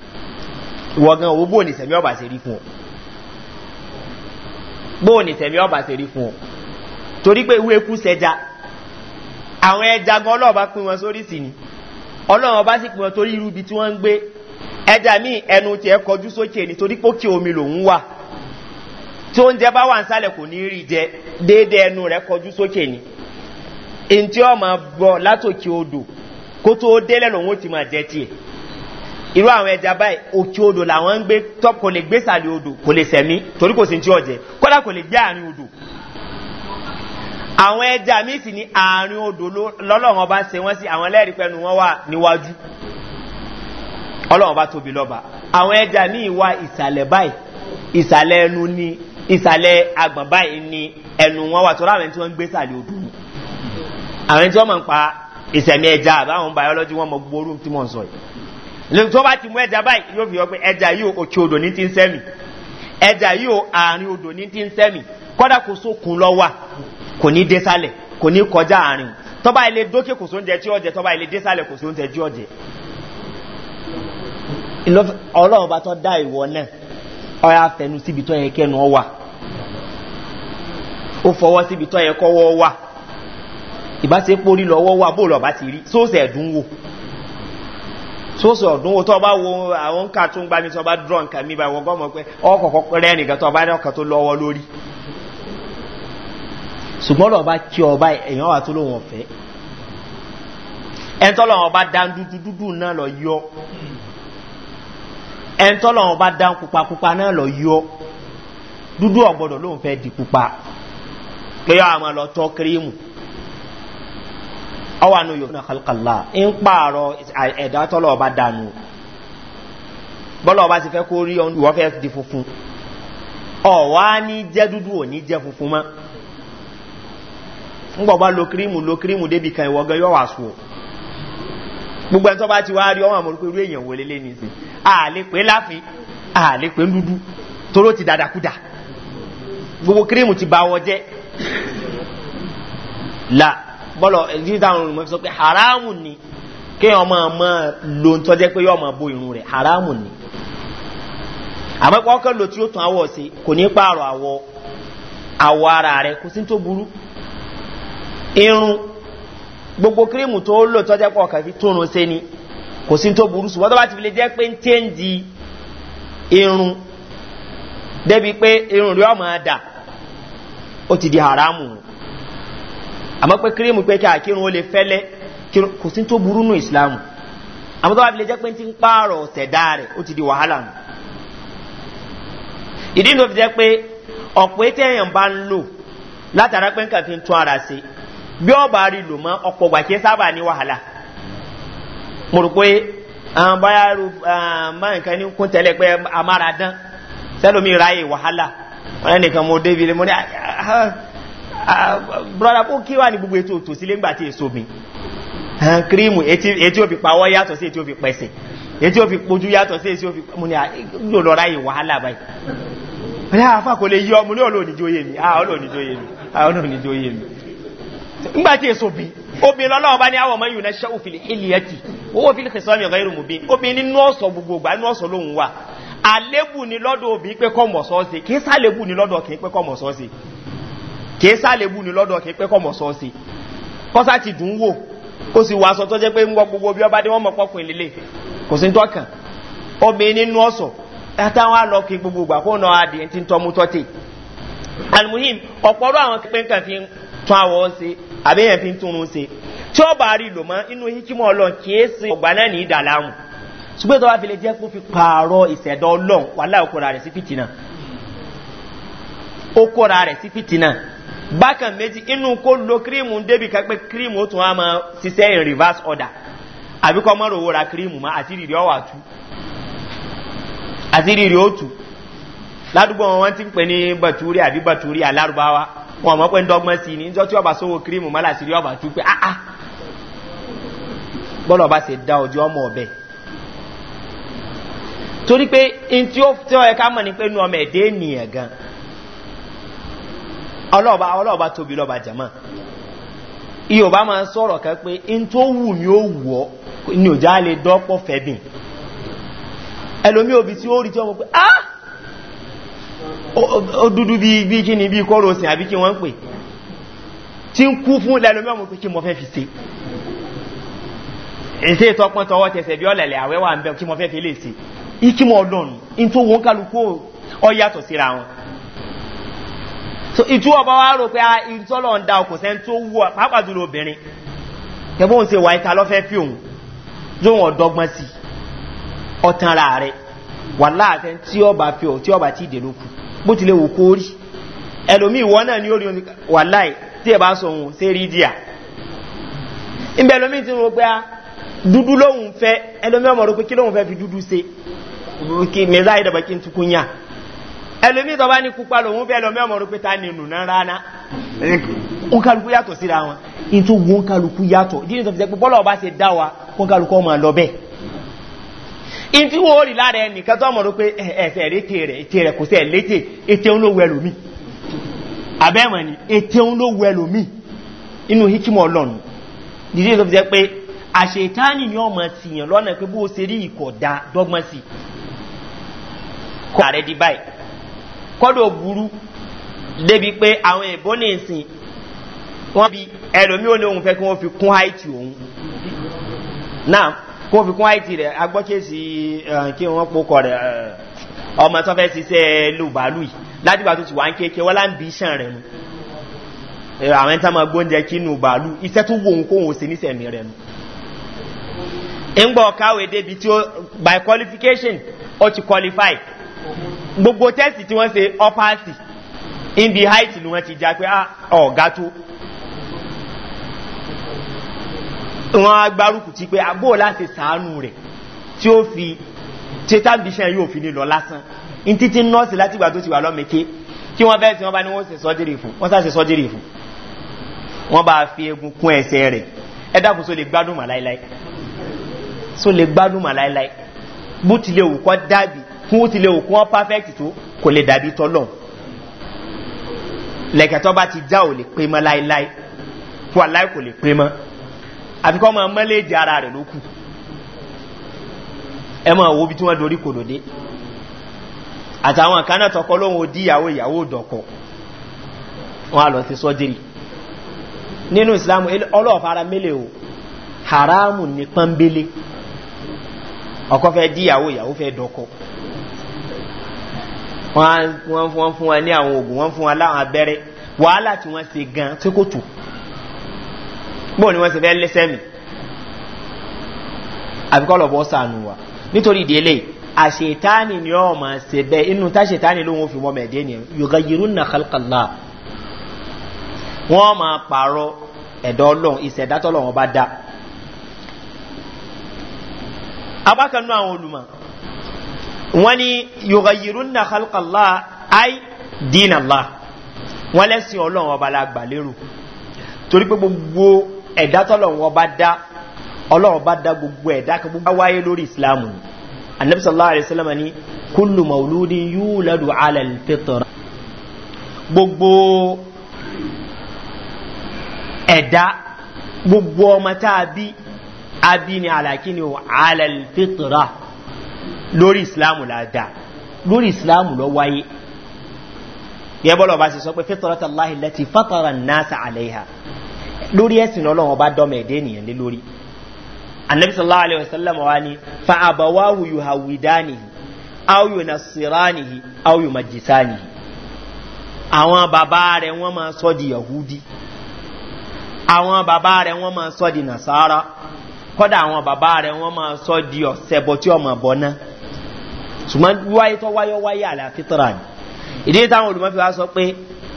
ìwọ gan owó bóòní sẹ̀mí ọ̀bà ṣe rí fún ọ bóòní sẹ̀mí ọ̀bà ṣe rí fún ọ torí pé ewu eku sẹja àwọn ẹja gan ọlọ́ọ̀bá pín wọn sórí sí ni ọlọ́ọ̀bá sì pín wọn torí irú ibi tí wọ́n ń gbé ẹja mi ẹnu tiẹ̀ kọjú sókè nítorí pókè omi lòún wà tí oúnjẹ bá wà nsàlẹ̀ kò ní rí jẹ déédéé ẹnu rẹ̀ kọjú sókè ni ntí ọmọ gbọ́ látòkè odò kó tó délẹ̀ lòun ó ti máa jẹ tiẹ̀ irú àwọn ẹja báyìí òkè odò làwọn ń gbé tọ́ kò lè gbé sàlẹ̀ odò kò lè sẹ̀mí torí kò sí ní ọ̀jẹ̀ kọ́lá kò lè gbé àárín odò àwọn ẹja mi sì ní àárín odò lọ́lọ́run ọba ṣe wọ́n sí àwọn ẹlẹ́rìí pẹ̀lú wọn wà níwájú ọlọ́run bá tóbi lọ́ba àwọn ẹja ní ìwà ìsàlẹ̀ báyìí ìsàlẹ̀ ẹnu ní ìsàlẹ̀ àgbọ̀n báyìí ní ẹnu wọn wà tọ́lá àwọn ẹni tí wọ́n ń gbé sàlẹ̀ odò ni àwọn ẹni tí wọ́n mọ̀ ń pa ìsẹ̀mí ẹja àbáwọn biology wọn mọ gbóòórùn tí wọ́n sọ yìí lẹ́yìn tó bá ti mú ẹja báyìí yóò fi yọ pé ẹja yìí òkè odò ní ti ń sẹ́mì ọlọ́ọ̀bá tó dá ìwọ náà ọ̀yà fẹ̀nu síbi tó yẹ kẹ́nu ọ wà ó fọwọ́ síbi tó yẹ kọ́wọ́ wà ìbá ti pórí lọ́wọ́ wà bóòlù ọ̀bá ti rí sóòsẹ̀ ẹ̀dúnwò sóòsẹ̀ ọ̀dúnwò tó bá wo àwọn nǹkan tó ń gbá mi tó bá dúró nǹkan mi báyìí wọ́n gbọ́ mọ̀ pé ọkọ̀ọ̀kọ̀ rẹ́ nìkan tó bá ní ọkàn tó lọ́wọ́ lórí ṣùgbọ́n ọ̀bá kí ọba èèyàn wà tó lóun ọ̀fẹ́ ẹ̀ńtọ́ lọ́wọ́ ọba dá dúdú dúdú náà lọ yọ ẹ̀ńtọ́lọ́wọ́n bá pupa pupa náà lọ yọ dúdú ọ̀gbọ́dọ̀ ló ń fẹ́ di pupa pé yọ àwọn lọ tọ́ kírímù ọwọ́ àánú yòókù kàlùkàlà ń pààrọ̀ ẹ̀dá tọ́lọ́wọ́ bá dànù bọ́lọ́wọ́ si ti fẹ́ kó rí ìwọ́ di funfun ọ̀wá ní jẹ́ dúdú ò ní jẹ́ funfun mọ́ ń gbọ́ bá lo kírímù lo kírímù débì ìwọ́gán wà sùn gbogbo ẹni tó bá ti wá rí ọwọ́n àmọ́rú pé irú èèyàn wọlé lẹ́ni sí àlè láfin àlè pé dúdú toró ti dàdàkúdà gbogbo kírímù ti bá wọ jẹ́ là bọ́lọ̀ ẹ̀dí táwọn olùmọ̀ fi sọ pé haramu ni kéèyàn ọmọ ọmọ lo ń tọ́jẹ́ pé yọ ọmọ bo irun rẹ̀ haramu ni àmọ́ ọkọ̀ lo tí ó tún awọ sí kò ní pààrọ̀ àwọ ara rẹ̀ kò sí tó burú irun gbogbo kírímù tó lò tọ́jẹ́ pọ̀ kàfi tóorun ṣe ni kò sí tó burú ṣùgbọ́n tó bá ti fi lè jẹ́ pé ń irun débi pé irun rí ọmọ ti di haramu àmọ́ pé kírímù pé káàkiri ó lè fẹ́lẹ́ kò sí tó burú nù ìsìlámù àmọ́ tó bá fi lè jẹ́ pé ń ti ń pààrọ̀ rẹ̀ ó ti di wàhálà nù ìdí fi jẹ́ pé ọ̀pọ̀ èèyàn bá ń lò látara bí ọba rí lò mọ́ ọ̀pọ̀ sábà ní wàhálà mo rò pé àwọn báyà rú máa nǹkan ní kún tẹ́lẹ̀ pé amáradán sẹ́lómi ráyè wàhálà wọn ẹnìkan mo débi lé mo ní ah, ah, ah, brọ́dà kó kí wà ní gbogbo ètò òtò sílé ńgbà tí èso mi kírímù etí pawọ́ yàtọ̀ sí etí pẹ̀sẹ̀ etí pojú yàtọ̀ sí etí mo ní yóò lọ wàhálà báyìí kò lè ńgbà tí èso bí obìnrin ọlọ́run bá ní àwọ̀ mọ́ yìí náà ṣẹ́wò fìlì ìlìyẹ́tì owó fìlì ìsọ́mì ọ̀gá irun bí obìnrin nínú ọ̀sọ̀ gbogbo ìgbà nínú ọ̀sọ̀ lóhun wà àlébù ni lọ́dọ̀ obìnrin pé kọ́ mọ̀ sọ́ọ̀sì kì í sálébù ni lọ́dọ̀ kì í pé kọ́ mọ̀ sọ́ọ̀sì kì í sálébù ni lọ́dọ̀ kì í pé kọ́ mọ̀ sọ́ọ̀sì ti dùn ọba dé wọ́n mọ̀ pọ́kùn kò sí obìnrin nínú ọ̀sọ̀ gbogbo ìgbà kó ti ń tọ́mú tọ́tì àwọn fi tún àwọ̀ àbẹ́yẹn fi ń túnrun tí ó bá rí lò mọ́ inú hikimọ̀ ọlọ́run kìí ṣe ọgbà náà ní ìdàlámù ṣùgbọ́n tó wá fi lè jẹ́ kó fi pààrọ̀ ọlọ́run wà láòkóra rẹ̀ sí fìtìnà ó kóra rẹ̀ sí fìtìnà bákan méjì inú kó lo kírímù débi kan kírímù ó reverse order àbí kọ́ ra kírímù mọ́ àti rírì ọ̀wà tú àti rírì ó tú ládùúgbò wọn ti ń pè ní wọn mọ̀ pé ń dọ́gbọ́n sí n'i njọ tí ọba sọwọ kírímù mọ́lá sí rí ọba tú pé áá ah, ah. bọ́lọ̀ ọba se dá ojú ọmọ ọbẹ torí pé in tí ó tẹ́ ọ̀ẹ́ká mọ̀ ní pé nu ọmọ ẹ̀dẹ́ ènìyàn gan ọlọ́ọ̀bá ọlọ́ọ̀bá tóbi lọba jama ìyọ̀bá máa ń sọ̀rọ̀ kan pé in tó wù ní ó wù lè dọ́pọ̀ ó dúdú bí kí ni bí kọ́rọ̀ òsìn àbí kí wọ́n ń pè tí ń kú fún lẹ́lọ́mọ́ mú pé kí mo fẹ́ fi se èsì ìtọ́pọ̀ tọwọ́ tẹsẹ̀ bí ọ̀lẹ̀lẹ̀ àwẹ́wà ń bẹ kí mo fẹ́ fi lè se ikí mọ̀ ọlọ́run in tó wọ́n kálukú ọ yàtọ̀ síra wọn so ìtú ọba wa rò pé ìtọ́lọ̀ ń da ọkọ̀ sẹ́ń tó wù ọ pàápàá dúró obìnrin tẹ́gbọ́n ń se wà ìta lọ́fẹ́ fi òun lóhun ọ̀dọ́gbọ́n sí ọ̀tàn ra rẹ̀ wà láàfin tí ọba fi ọ tí ọba tí ìdè ló kù bó tilẹ̀ wò kó rí ẹlòmíì ìwọ náà ni ó rí oní wà láì tí ẹ bá sọ òun ṣe rí díà ìbẹ̀ ẹlòmíì ti ń ro pé a ah, dúdú lóhùn fẹ́ ẹlòmíì ọmọ rò pé kí lóhùn fẹ́ fi dúdú ṣe kí ní ráyè dàbà kí n tukun yà ẹlòmíì tó ní pupa lòun fẹ́ ẹlòmíì ọmọ rò pé ta ni nùnà rárá wọn kálukú yàtọ̀ síra wọn ìtúwọ́n kálukú yàtọ̀ ìdí in tí wọ́n rí lára ẹnìkan tó mọ̀ pé eh, eh, ẹ̀fẹ̀ rétè rẹ̀ ètè rẹ̀ kò sẹ́ létè ètè ń ló wẹ lómi abẹ́mọ̀ ni ètè ń ló wẹ lómi inú hikimọ̀ ọlọ́nu dídí tó fi jẹ́ pé àṣetáni ni ọmọ sí yàn lọ́nà pé bó ṣe rí ikọ̀ da dọ́gbọ́n sí kọ́ ààrẹ di báyìí kọ́dọ̀ burú débi pé àwọn ìbọn ní ìsìn wọ́n bi ẹlòmí ò ní òun fẹ́ kí wọ́n fi kún háìtì òun náà kó fi kún àìtì rẹ̀ agbọ́kèsí kí wọ́n pokọ̀ rẹ̀ ọmọ tó fẹ́ ṣiṣẹ́ lùbálù yìí látìgbà tó ti wà ń kéèké wọ́n láǹbì iṣan rẹ̀ nu àwọn ẹni tá máa gbóúnjẹ kí nù bàálù iṣẹ́ tó wò ń kó òun ṣe nísẹ̀mí rẹ̀ nu. ńgbọ́ káwé débi tí ó by qualification ó ti qualify gbogbo tẹ́sì tí wọ́n ṣe ọ́pàṣì ń bi height ni wọ́n ti já pé ah, ọ̀gá tó wọn agbárùkù ti pé àbò láti sàánù rẹ̀ tí ó fi tẹ́tàbíṣẹ́ yóò fi ní lọ lásán in títí nọ́ọ̀sì láti ìgbà tó ti wà lọ́mẹ̀ké kí wọ́n bẹ́ẹ̀ tí wọ́n bá ní wọ́n sì sọ́jírì fún wọ́n sáà sì sọ́jírì fún wọ́n bá fi egun kún ẹsẹ̀ rẹ̀ ẹ dákun so lè gbádùn mà láíláí so lè gbádùn mà láíláí bó tilẹ̀ òkú dàbí kún ó tilẹ̀ òkú wọn pàfẹ́kì tó kò lè dàbí tọ́lọ̀ lẹ̀kẹ̀tọ́ bá ti já ò lè pé mọ́ láíláí wà láì kò lè pé mọ́ àfikọ́ ma mẹ́lẹ̀ èdè ara rẹ̀ ló kù ẹ ma wo bí tí wọ́n dorí kò lòdé àtàwọn kan náà tọkọ lóhun òdí ìyàwó ìyàwó òdọ̀kọ wọn a lọ sí sọ́jírì nínú islam ọlọ́ọ̀fara mẹ́lẹ̀ o haramu ní pọ́nbélé ọkọ fẹ́ dí ìyàwó ìyàwó fẹ́ dọ̀kọ wọ́n fún wa ní àwọn oògùn wọ́n fún wa láwọn abẹ́rẹ́ wàhálà tí wọ́n se gan tí kò tó bóò ni wọ́n ti fẹ́ lẹ́sẹ̀ mi àbíkọ́ lọ́bọ̀ sànù wa nítorí ìdílé àṣetáni ni ọ́ máa ṣe bẹ́ẹ̀ inú táṣetáni ló ń fi wọ́n mẹ̀dé ni yorùbá yìí rúnà kálkàlá wọ́n máa pààrọ̀ ẹ̀dọ́ ọlọ́run ìṣẹ̀dátọ́ lọ́wọ́ bá dá abákanú àwọn olùmọ̀ wọ́n ni yorùbá yìí rúnà kálkàlá ai dínàlá wọ́n lẹ́sìn ọlọ́run ọba la lérò torí pé gbogbo ẹ̀dá tọ́lọ̀wọ́ bá dá ọlọ́run bá dá gbogbo ẹ̀dá kan gbogbo wáyé lórí islam anabi sallallahu alayhi wa sallam ni kullu mauludi yóò ladu alal fitor gbogbo ẹ̀dá gbogbo ọmọ tá a bí a bí ni alakini o alal fitora lórí islam la dá lórí islam lọ wáyé yẹ bá ti sọ pé fitorata allah lati fatara nasa alayha lórí ẹ̀sìn ọlọ́run ọba dọ́mọ ẹ̀dẹ́ ènìyàn lé lórí anabi sallallahu alayhi wa sallam wa ni fa abawahu yuhawidanihi aw yunasiranihi aw yumajisanihi àwọn bàbá rẹ̀ wọ́n máa sọ di yahudi àwọn bàbá rẹ̀ wọ́n máa sọ di nasara kọ́dà àwọn bàbá rẹ̀ wọ́n máa sọ di ọ̀sẹ̀bọ̀ tí ọmọ bọ̀ náà ṣùgbọ́n wáyé tó wáyé wáyé àlàáfíà ni ìdí táwọn olùmọ́fẹ́ wa sọ pé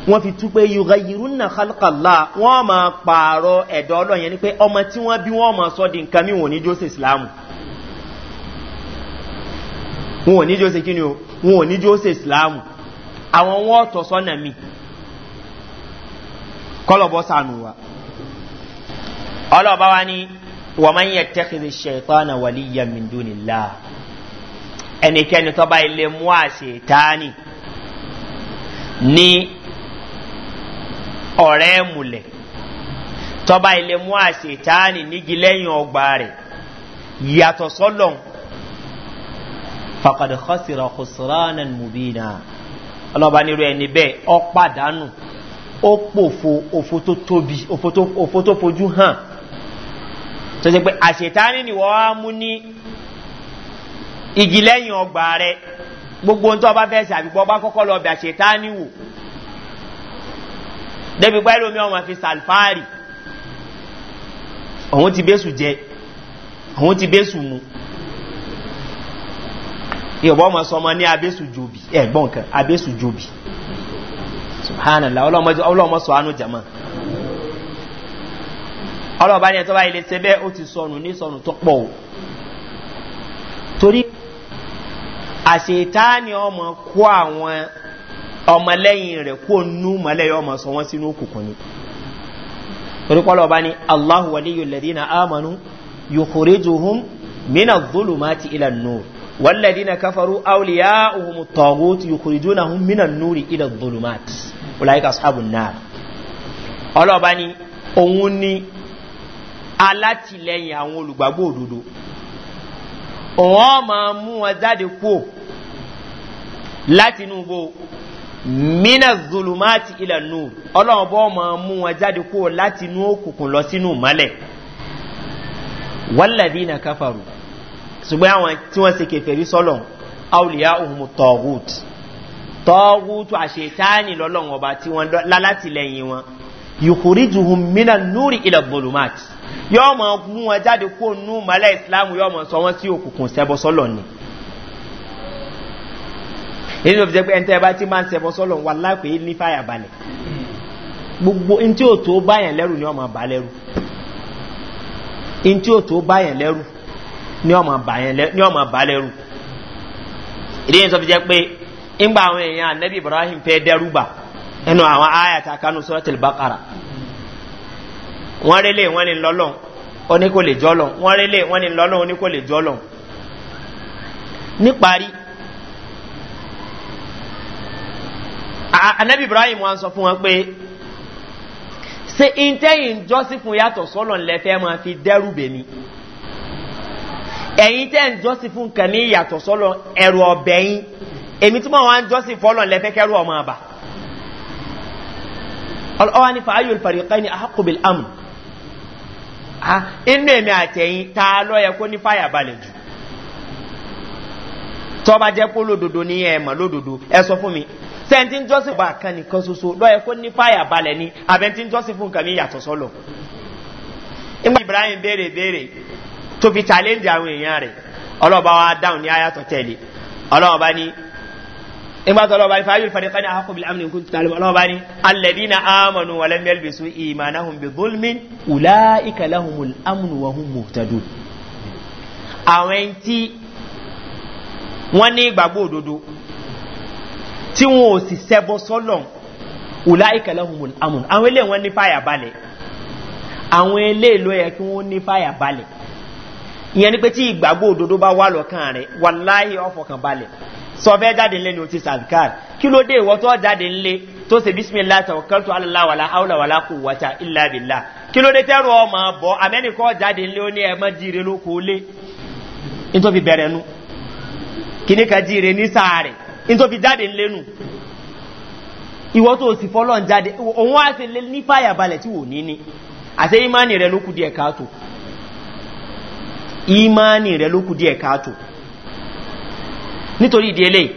wọ́n fi tú pé yugayiruna khalqallah wọ́n máa pààrọ̀ ẹ̀dọ́ ọlọ́yẹn ni pé ọmọ tí wọ́n bí wọ́n máa sọ di nǹkan mi wọ́n ní jọ́sẹ̀ ìsìláàmù wọn ò ní jọ́sẹ̀ kí ni o wọn ò ní jọ́sẹ̀ ìsìláàmù àwọn wọn tọ̀ sọ́nà mi kọlọ̀bọ̀ sànù wa ọlọ́ọ̀bá wa ni wọ́n máa ń yẹ tẹ́kìrì ṣẹ̀tọ́nà wàlíyà mìndúnilá ẹnikẹ́ni tọ́ba ilé mú àṣẹ ní ọ̀rẹ́ mulẹ̀ tọba ilẹ̀ mú àṣetáàní nígi lẹ́yìn ọgbà rẹ̀ yàtọ̀ sọ́lọ̀n fàkàdé xọ́sìrọ̀ xọ́sìránà mùbínà ọlọ́ba nírú ẹni bẹ́ẹ̀ ọ pàdánù ó pòfo òfo tó tóbi fojú hàn tó pé àṣetáàní ni wọ́n á mú ní igi lẹ́yìn ọgbà rẹ̀ gbogbo ohun tó ọba fẹ́ ṣàbíbọ́ bá kọ́kọ́ lọ bẹ̀ àṣetáàní wò débi pa ẹlòmí ọmọ fi sàlfàárì òun ti bẹ́sù jẹ òun ti bẹ́sù mu ìyọ̀bọ̀ ọmọ sọmọ ní abẹ́sù jòbì ẹ̀gbọ́n kan abẹ́sù jòbì subhanallah ọlọ́mọ sọ ánú jama ọlọ́ọ̀bá ni ẹ̀tọ́ bá ilé ṣe bẹ́ẹ̀ ó ti sọnù ní sọnù tó pọ̀ o torí àṣetáni ọmọ kó àwọn ọmọlẹ́yìn rẹ̀ kó nú mọ́lẹ́yìn ọmọ sọ wọ́n sínú òkùnkùn ni torípọ́lọ̀ bá ní allahu waliyu ladina amanu yukhrijuhum mina dhulumati ila nur walladina kafaru awliya'uhum at-taghut yukhrijunahum mina an-nuri ila dhulumat ulaika ashabun nar olo ba ni ohun ni alátìlẹyìn àwọn olùgbàgbọ́ òdodo òun ọmọ mú wọn jáde mina zulumati ila nu ọlọ́run bọ́ ma mú wọn jáde kúrò láti inú òkùnkùn lọ sínú mọ́lẹ̀ wàlàdí na káfàrú ṣùgbọ́n àwọn tí wọ́n ṣe kẹfẹ́rí sọ́lọ̀ aulia ohun tọ́gùt tọ́gùt àṣetáni lọ́lọ́run ọba tí wọ́n lálátìlẹ́yìn wọn yìkùrí juhun mina núri ila zulumati yọ́ ma mú wọn jáde kúrò nú mọ́lẹ̀ ìsìlámù yọ́ ma sọ wọ́n sí òkùnkùn sẹ́bọ̀ sọ́lọ̀ ni. nínú òfìsẹ́ pé ẹntẹ́ bá tí máa ń sẹ́bọ́ sọ́lọ̀ wà lápé ní gbogbo lẹ́rù ni ọmọ bá lẹ́rù in tí ó tó lẹ́rù ni ọmọ bá fi pé ńgbà àwọn èèyàn anabi ibrahim fẹ́ dẹ́rùbà ẹnu àwọn ayàtà kanu sọ́tìl bàkàrà wọ́n rélé wọ́n ní lọ́lọ́ oníkó lè rélé anabi ibrahim wa sọ fún wọn pé ṣe ìtẹ́yìn jọ́sí fún yàtọ̀ sọ́lọ̀ lẹ́fẹ́ máa fi dẹ́rù bèmí ẹ̀yin tẹ́ ń jọ́sí fún kan ní yàtọ̀ sọ́lọ̀ ẹ̀rù ọ̀bẹ yín èmi tí wọ́n wá ń jọ́sí fọ́lọ̀ lẹ́fẹ́ kẹ́rù ọmọ àbà ọlọ́wà ní fàáyọ̀ ìfàríkà ní àhàkùbìl amù inú èmi àtẹ̀yìn ta lọ yẹ kó ní fàyà balẹ̀ jù tọ́ba jẹ́ kó lódodo ní ẹ̀ mọ̀ lódodo ẹ sọ fún mi sẹ́ńtì ń jọ́sìn bá kan nìkan ṣoṣo lọ́yẹ kó ní fàyà balẹ̀ ni àbẹ̀ntì ń jọ́sìn fún nǹkan mi yàtọ̀ sọ́lọ̀ ìgbà ibrahim béèrè béèrè tó fi challenge àwọn èèyàn rẹ̀ ọlọ́ọ̀bá wa dáhùn ní ayàtọ̀ tẹ̀lé ọlọ́ọ̀bá ni ìgbà tó ọlọ́ọ̀bá ni fàáyù ìfàdíkà ní àkọ́kọ́ bìlá àmì nìkún tàbí ọlọ́ọ̀bá ni alẹ́dí na amọ̀nù wọlé mẹ́lbẹ̀sù ìmànáhùn bí gólmí wùlá ìkàláhùn amùnù wọ̀hún mọ̀tàdù àwọn tí wọ́n ní ìgbàgbọ́ òdodo tí wọn ò sì sẹ́bọ sọ́lọ̀ ọ̀la ìkẹlẹ́hùn amùn àwọn ilé wọn ní fàyà balẹ̀ àwọn ilé ìlú yẹ kí wọ́n ní fàyà balẹ̀ ìyẹn ni pé tí ìgbàgbọ́ òdodo bá wà lọ́kàn rẹ̀ wà láyé ọ̀fọ̀kàn balẹ̀ sọ fẹ́ jáde ńlẹ̀ ni o ti sàdùkàr kí ló dé ìwọ́ tó jáde ńlẹ̀ tó ṣe bísímìlá tàwọ̀kẹ́tù aláwàlá áwùlàwàlá kò wàtà ìlàbìlà kí ló dé tẹ́rù ọmọ bọ́ in tó fi jáde ń lẹ́nu ìwọ́ tó sì fọ́lọ́ ń jáde òun á se lé ní fàyà balẹ̀ tí wò ní ní àti ìmánì rẹ̀ ló kù díẹ̀ káàtó ìmánì rẹ̀ ló kù díẹ̀ káàtó nítorí ìdí eléyìí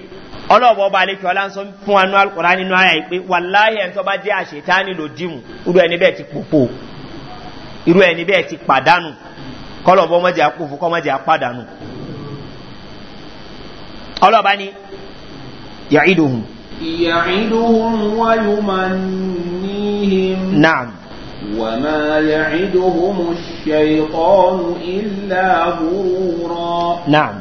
ọlọ́ọ̀bọ̀ ọba alẹ́kẹ́ ọlá ń sọ fún anú alukọ̀rá nínú ayà yìí pé wàláyé ẹ̀ ń tọ́ba jẹ́ àṣetáni ló dìmú irú ẹni bẹ́ẹ̀ ti pòpò irú ẹni bẹ́ẹ̀ ti pàdánù kọ́lọ̀bọ̀ mọ́jà kófù kọ́ mọ́jà ọlọ́ọ̀bá ni يعيدهم. يعدهم ويمنيهم نعم وما يعدهم الشيطان إلا غرورا نعم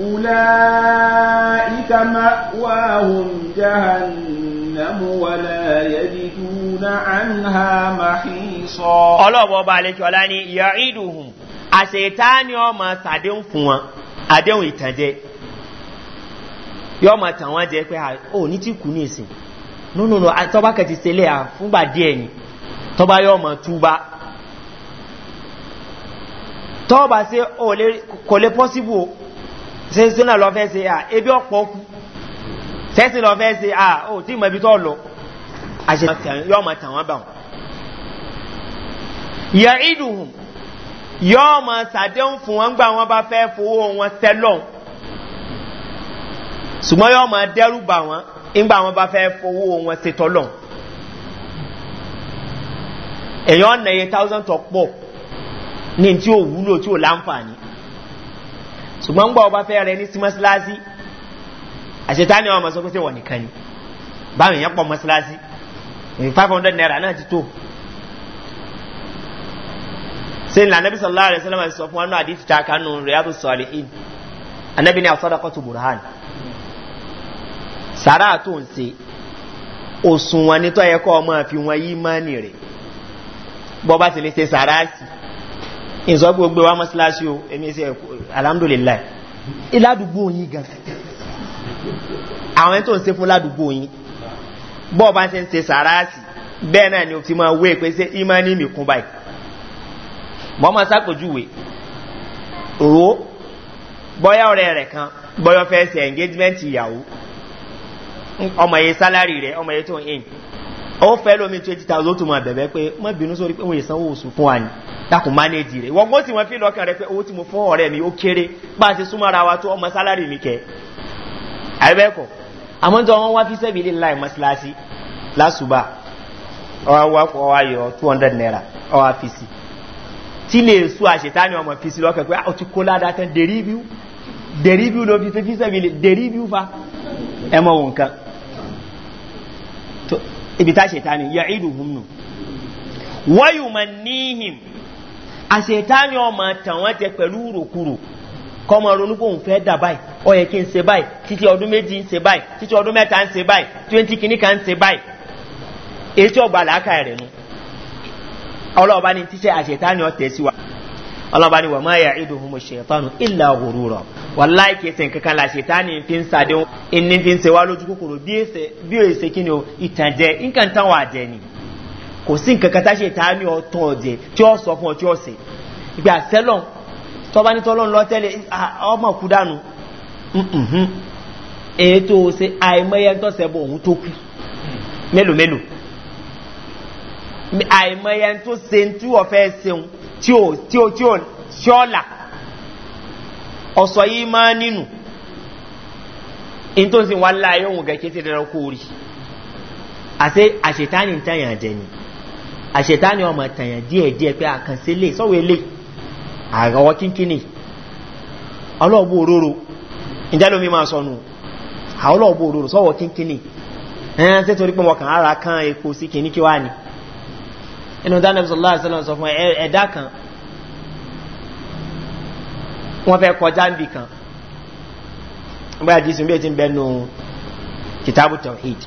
أولئك مأواهم جهنم ولا يجدون عنها محيصا الله أبو عليك ولاني يعيدهم أسيتاني وما سعدهم فوا أدهم yọ ma tàn wọn jẹ pé ó ní tí kú ní ìsìn nínú tọ́ba kẹtì sẹ́lẹ̀ à fúngbà díẹ̀ ni tọ́ba yọ ma túba tọ́ba ṣe kò lè pọ́síbù ṣe sínú lọ fẹ́ ṣe à ebi ọ̀pọ̀ kú sẹ́sìn lọ fẹ́ ṣe à ó tí mọ̀ ibi tọ́ lọ àṣẹ yọ ma tàn wọn bà wọn. yẹ ìdùn yọ ma sàdéhùn fún wọn gbà wọn bá fẹ́ fowó wọn sẹ́lọ̀n ṣùgbọ́n yóò máa dẹ́rù bà wọ́n nígbà wọn bá fẹ́ fowó wọn ṣe tọ́lọ̀ èèyàn ọ̀nà iye thousand tó pọ̀ ní tí ò wúlò tí ò láǹfààní ṣùgbọ́n gbọ́ ọba fẹ́ rẹ ní sí mọ́ṣáláṣí àṣetá ni wọn máa sọ nìkan ni báwọn èèyàn pọ̀ mọ́ṣáláṣí five hundred naira náà ti tó sẹ́yìn lànà bí sọ̀rọ̀ láàrẹ̀ sọ́lá máa sọ fún wọn náà àdìsí ta kánú rẹ̀ yàtọ̀ sọ̀rọ̀ in anabi ni àtọ́dọ̀kọ́ tó burhan sàrà tó ń se òsùnwọ̀n ní tọ́yẹ kọ́ ọmọ àfi wọn yí mọ́ni rẹ̀ bọ́bá sì lè ṣe sàrà sí ìsọ gbogbo wa mọ́síláṣí o èmi ṣe alhamdulilayi ìládùúgbò yín gan àwọn tó ń se fún ládùúgbò yín bọ́ọ̀bá ṣe ń ṣe sàrà sí bẹ́ẹ̀ náà ni o ti máa wé pé ṣé ìmọ̀ni mi kún báyìí mọ́ máa ṣàpèjúwe ro bọ́yá ọ̀rẹ́ rẹ̀ kan bọ́yọ̀ fẹ́ ṣe engagement ìyàwó ọmọ yẹn sálárì rẹ ọmọ yẹn tó ń in ó fẹ́ lómi twenty thousand ó tún máa bẹ̀bẹ̀ pé má bínú sórí pé òun ìsanwó oṣù fún wa ni dákun mánéjì rẹ wọ́n tí wọ́n fi lọ́kàn rẹ pé owó tí mo fún ọ̀rẹ́ mi ó kéré bá a ti súnmọ́ ara wa tó ọmọ sálárì mi kẹ́ àbẹ́bẹ́kọ̀ àmọ́ tí wọ́n wá fi sẹ́bi ilé ńlá ìmọ̀síláṣí lásùbà ọwọ́ wá fọ ọwọ́ ayọ̀ two hundred naira ọwọ́ fi si tí lè sú àṣetá ni ọmọ fi si lọ́kàn pé ah, ó ti kó ládàá tán dèrí bíú dèrí bíú ló fi sẹ́bi ilé dèrí bíú fa ẹ mọ̀ wọn kan ibi tá ṣètánì yàídù húnnù wáyùmọ̀ níhìn àṣetánì ọmọ tàwọn jẹ pẹ̀lú rùkúrù kọmọ ronúkú òun fẹ́ dà báyìí ọ yẹ kí n ṣe báyìí títí ọdún méjì ń ṣe báyìí títí ọdún mẹ́ta ń se báyìí twenty kini kan ń ṣe báyìí èyí tí ọgbà làákà rẹ̀ nu ọlọ́ọ̀bá ni tíṣe àṣetánì ọ̀ tẹ̀síwá ọlọ́ba ni wà má yà ìdò homo ṣètọ́nù ìlà òwúrọ̀ wàláì kẹsẹ̀ kankan la ṣètánì fi ń sàdé ní fi ń se wá lójú kòkòrò bí ó kí ni o ìtànjẹ nǹkan tán wà jẹ ni kò sí nǹkan kan tá ṣètánì ọtún ọ̀jẹ tí ó sọ fún ọ tí ó sè ìgbà sẹ́lọ̀n tọ́ba ní tọ́lọ́n lọ tẹ́lẹ̀ ọmọ kú dànù ètò ṣe àìmọye ń tọ́sẹ̀ bọ̀ òun tó kú mélòó mélòó àìmọye ń tó ṣe ń tú ọ̀fẹ́ ṣeun tí ó tí ó tí ó tí ọ̀sọ̀ yìí máa nínú in tó ń sin wá láàyè òun gẹ̀ẹ́kẹ́ ti dára a rí àti àṣetáni ń tàyàn jẹ ni àṣetáni ọmọ tàyàn díẹ̀díẹ̀ pé àkànṣe lè sọ́wọ́ ilé àrọwọ́ sọ ọlọ́ọ̀bù òróró ìjálómi máa sọnù àwọn ọlọ́ọ̀bù òróró sọ́wọ́ kínkínì ẹ̀yàn tẹ́torí pé wọ́n kàn ara kan epo sí inú dánilẹ́bí sọ̀rọ̀ láti sọ̀rọ̀ sọ fún ẹ̀dá kan wọ́n fẹ́ kọjá níbì kan nígbà tí sùn bí ẹ ti ń bẹnu kìtàbù tawhid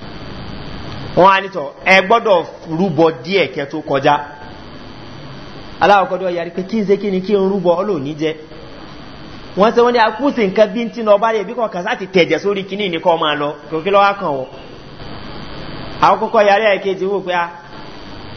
wọ́n á nítọ̀ ẹ gbọ́dọ̀ rúbọ díẹ̀ kẹ tó kọjá aláwọ̀kọ́dọ̀ yàrí pé kí n ṣe kí ni kí n rúbọ ọlọ́ọ̀ní jẹ́ wọ́n sọ wọ́n ní akúsì nǹkan bí tí lọ bá rẹ̀ bí kan kà sáti tẹ̀jẹ̀ sórí kìíní nìkan máa lọ kòkí lọ́wọ́ kan wọ́ àkọ́kọ́ yàrí ẹ̀kejì wò pé ah,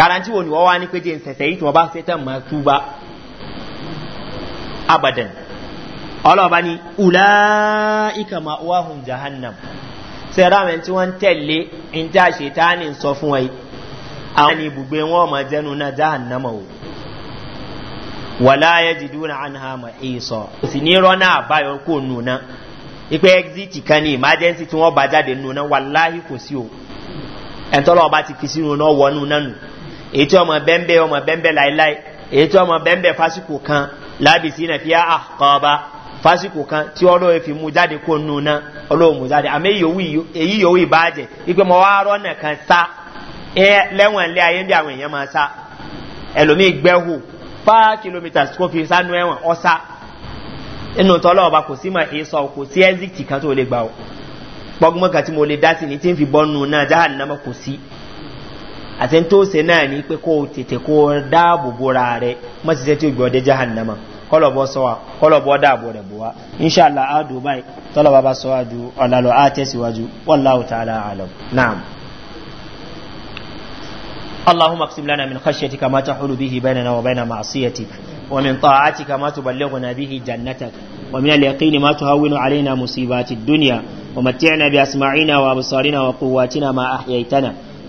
garanti wo ni wọ́n wá ní pé jẹ́ nsẹ̀sẹ̀ yìí tí wọ́n abadan ọlọ́ọ̀bá ni ula ika ma hun jahannam sai ramen tí wọ́n tẹ̀lé in ta ṣe ta ní sọ fún àwọn ni bugbe wọn ma jẹnu na jahannama o wala ya ji duna an hama iso si ni rọna nuna ipe exit kan ni emergency tí wọ́n bá jáde kò sí o ti fi sínú èyí tí ọmọ bẹ́ńbẹ́ ọmọ bẹ́ńbẹ́ láéláé èyí tí ọmọ bẹ́ńbẹ́ fásikò kan lábìsí náà fi àkọ́ọ̀bá fásikò kan tí ọlọ́run fi mú jáde kó nù náà ọlọ́run mú jáde àmọ́ èyí yòówù ìbàjẹ́ ipe mọ́ wá rọ́nà kan sá lẹ́wọ̀n ilé ayé bí àwọn èèyàn máa sá ẹlòmíì gbẹ́hù five kilometres kó fi sánú ẹ̀wọ̀n ọ̀sá inú tọ́lọ́ ọba kò sí mọ̀ èso kò sí exit kan tó lè gbà ó pọ́gbọ́n kan tí mo lè dá sí ni tí ń fi bọ́ nù náà jáhàn náà kò sí àti tó ṣe náà ní pé kó tètè kó dáàbò bóra rẹ mọ́ ti ṣe tí ó gbọ́ dé jahannama kọlọ̀bọ̀ sọ́wà kọlọ̀bọ̀ dáàbò rẹ̀ bọ́wá inṣàlá àádò báyìí tọ́lọ̀bà bá sọ́wájú ọ̀làlọ́ àtẹ́síwájú wọ́láwù tààlà اللهم اقسم لنا من خشيتك ما تحول به بيننا وبين معصيتك ومن طاعتك ما تبلغنا به جنتك ومن اليقين ما تهون علينا مصيبات الدنيا ومتعنا بأسماعنا وأبصارنا وقواتنا ما أحييتنا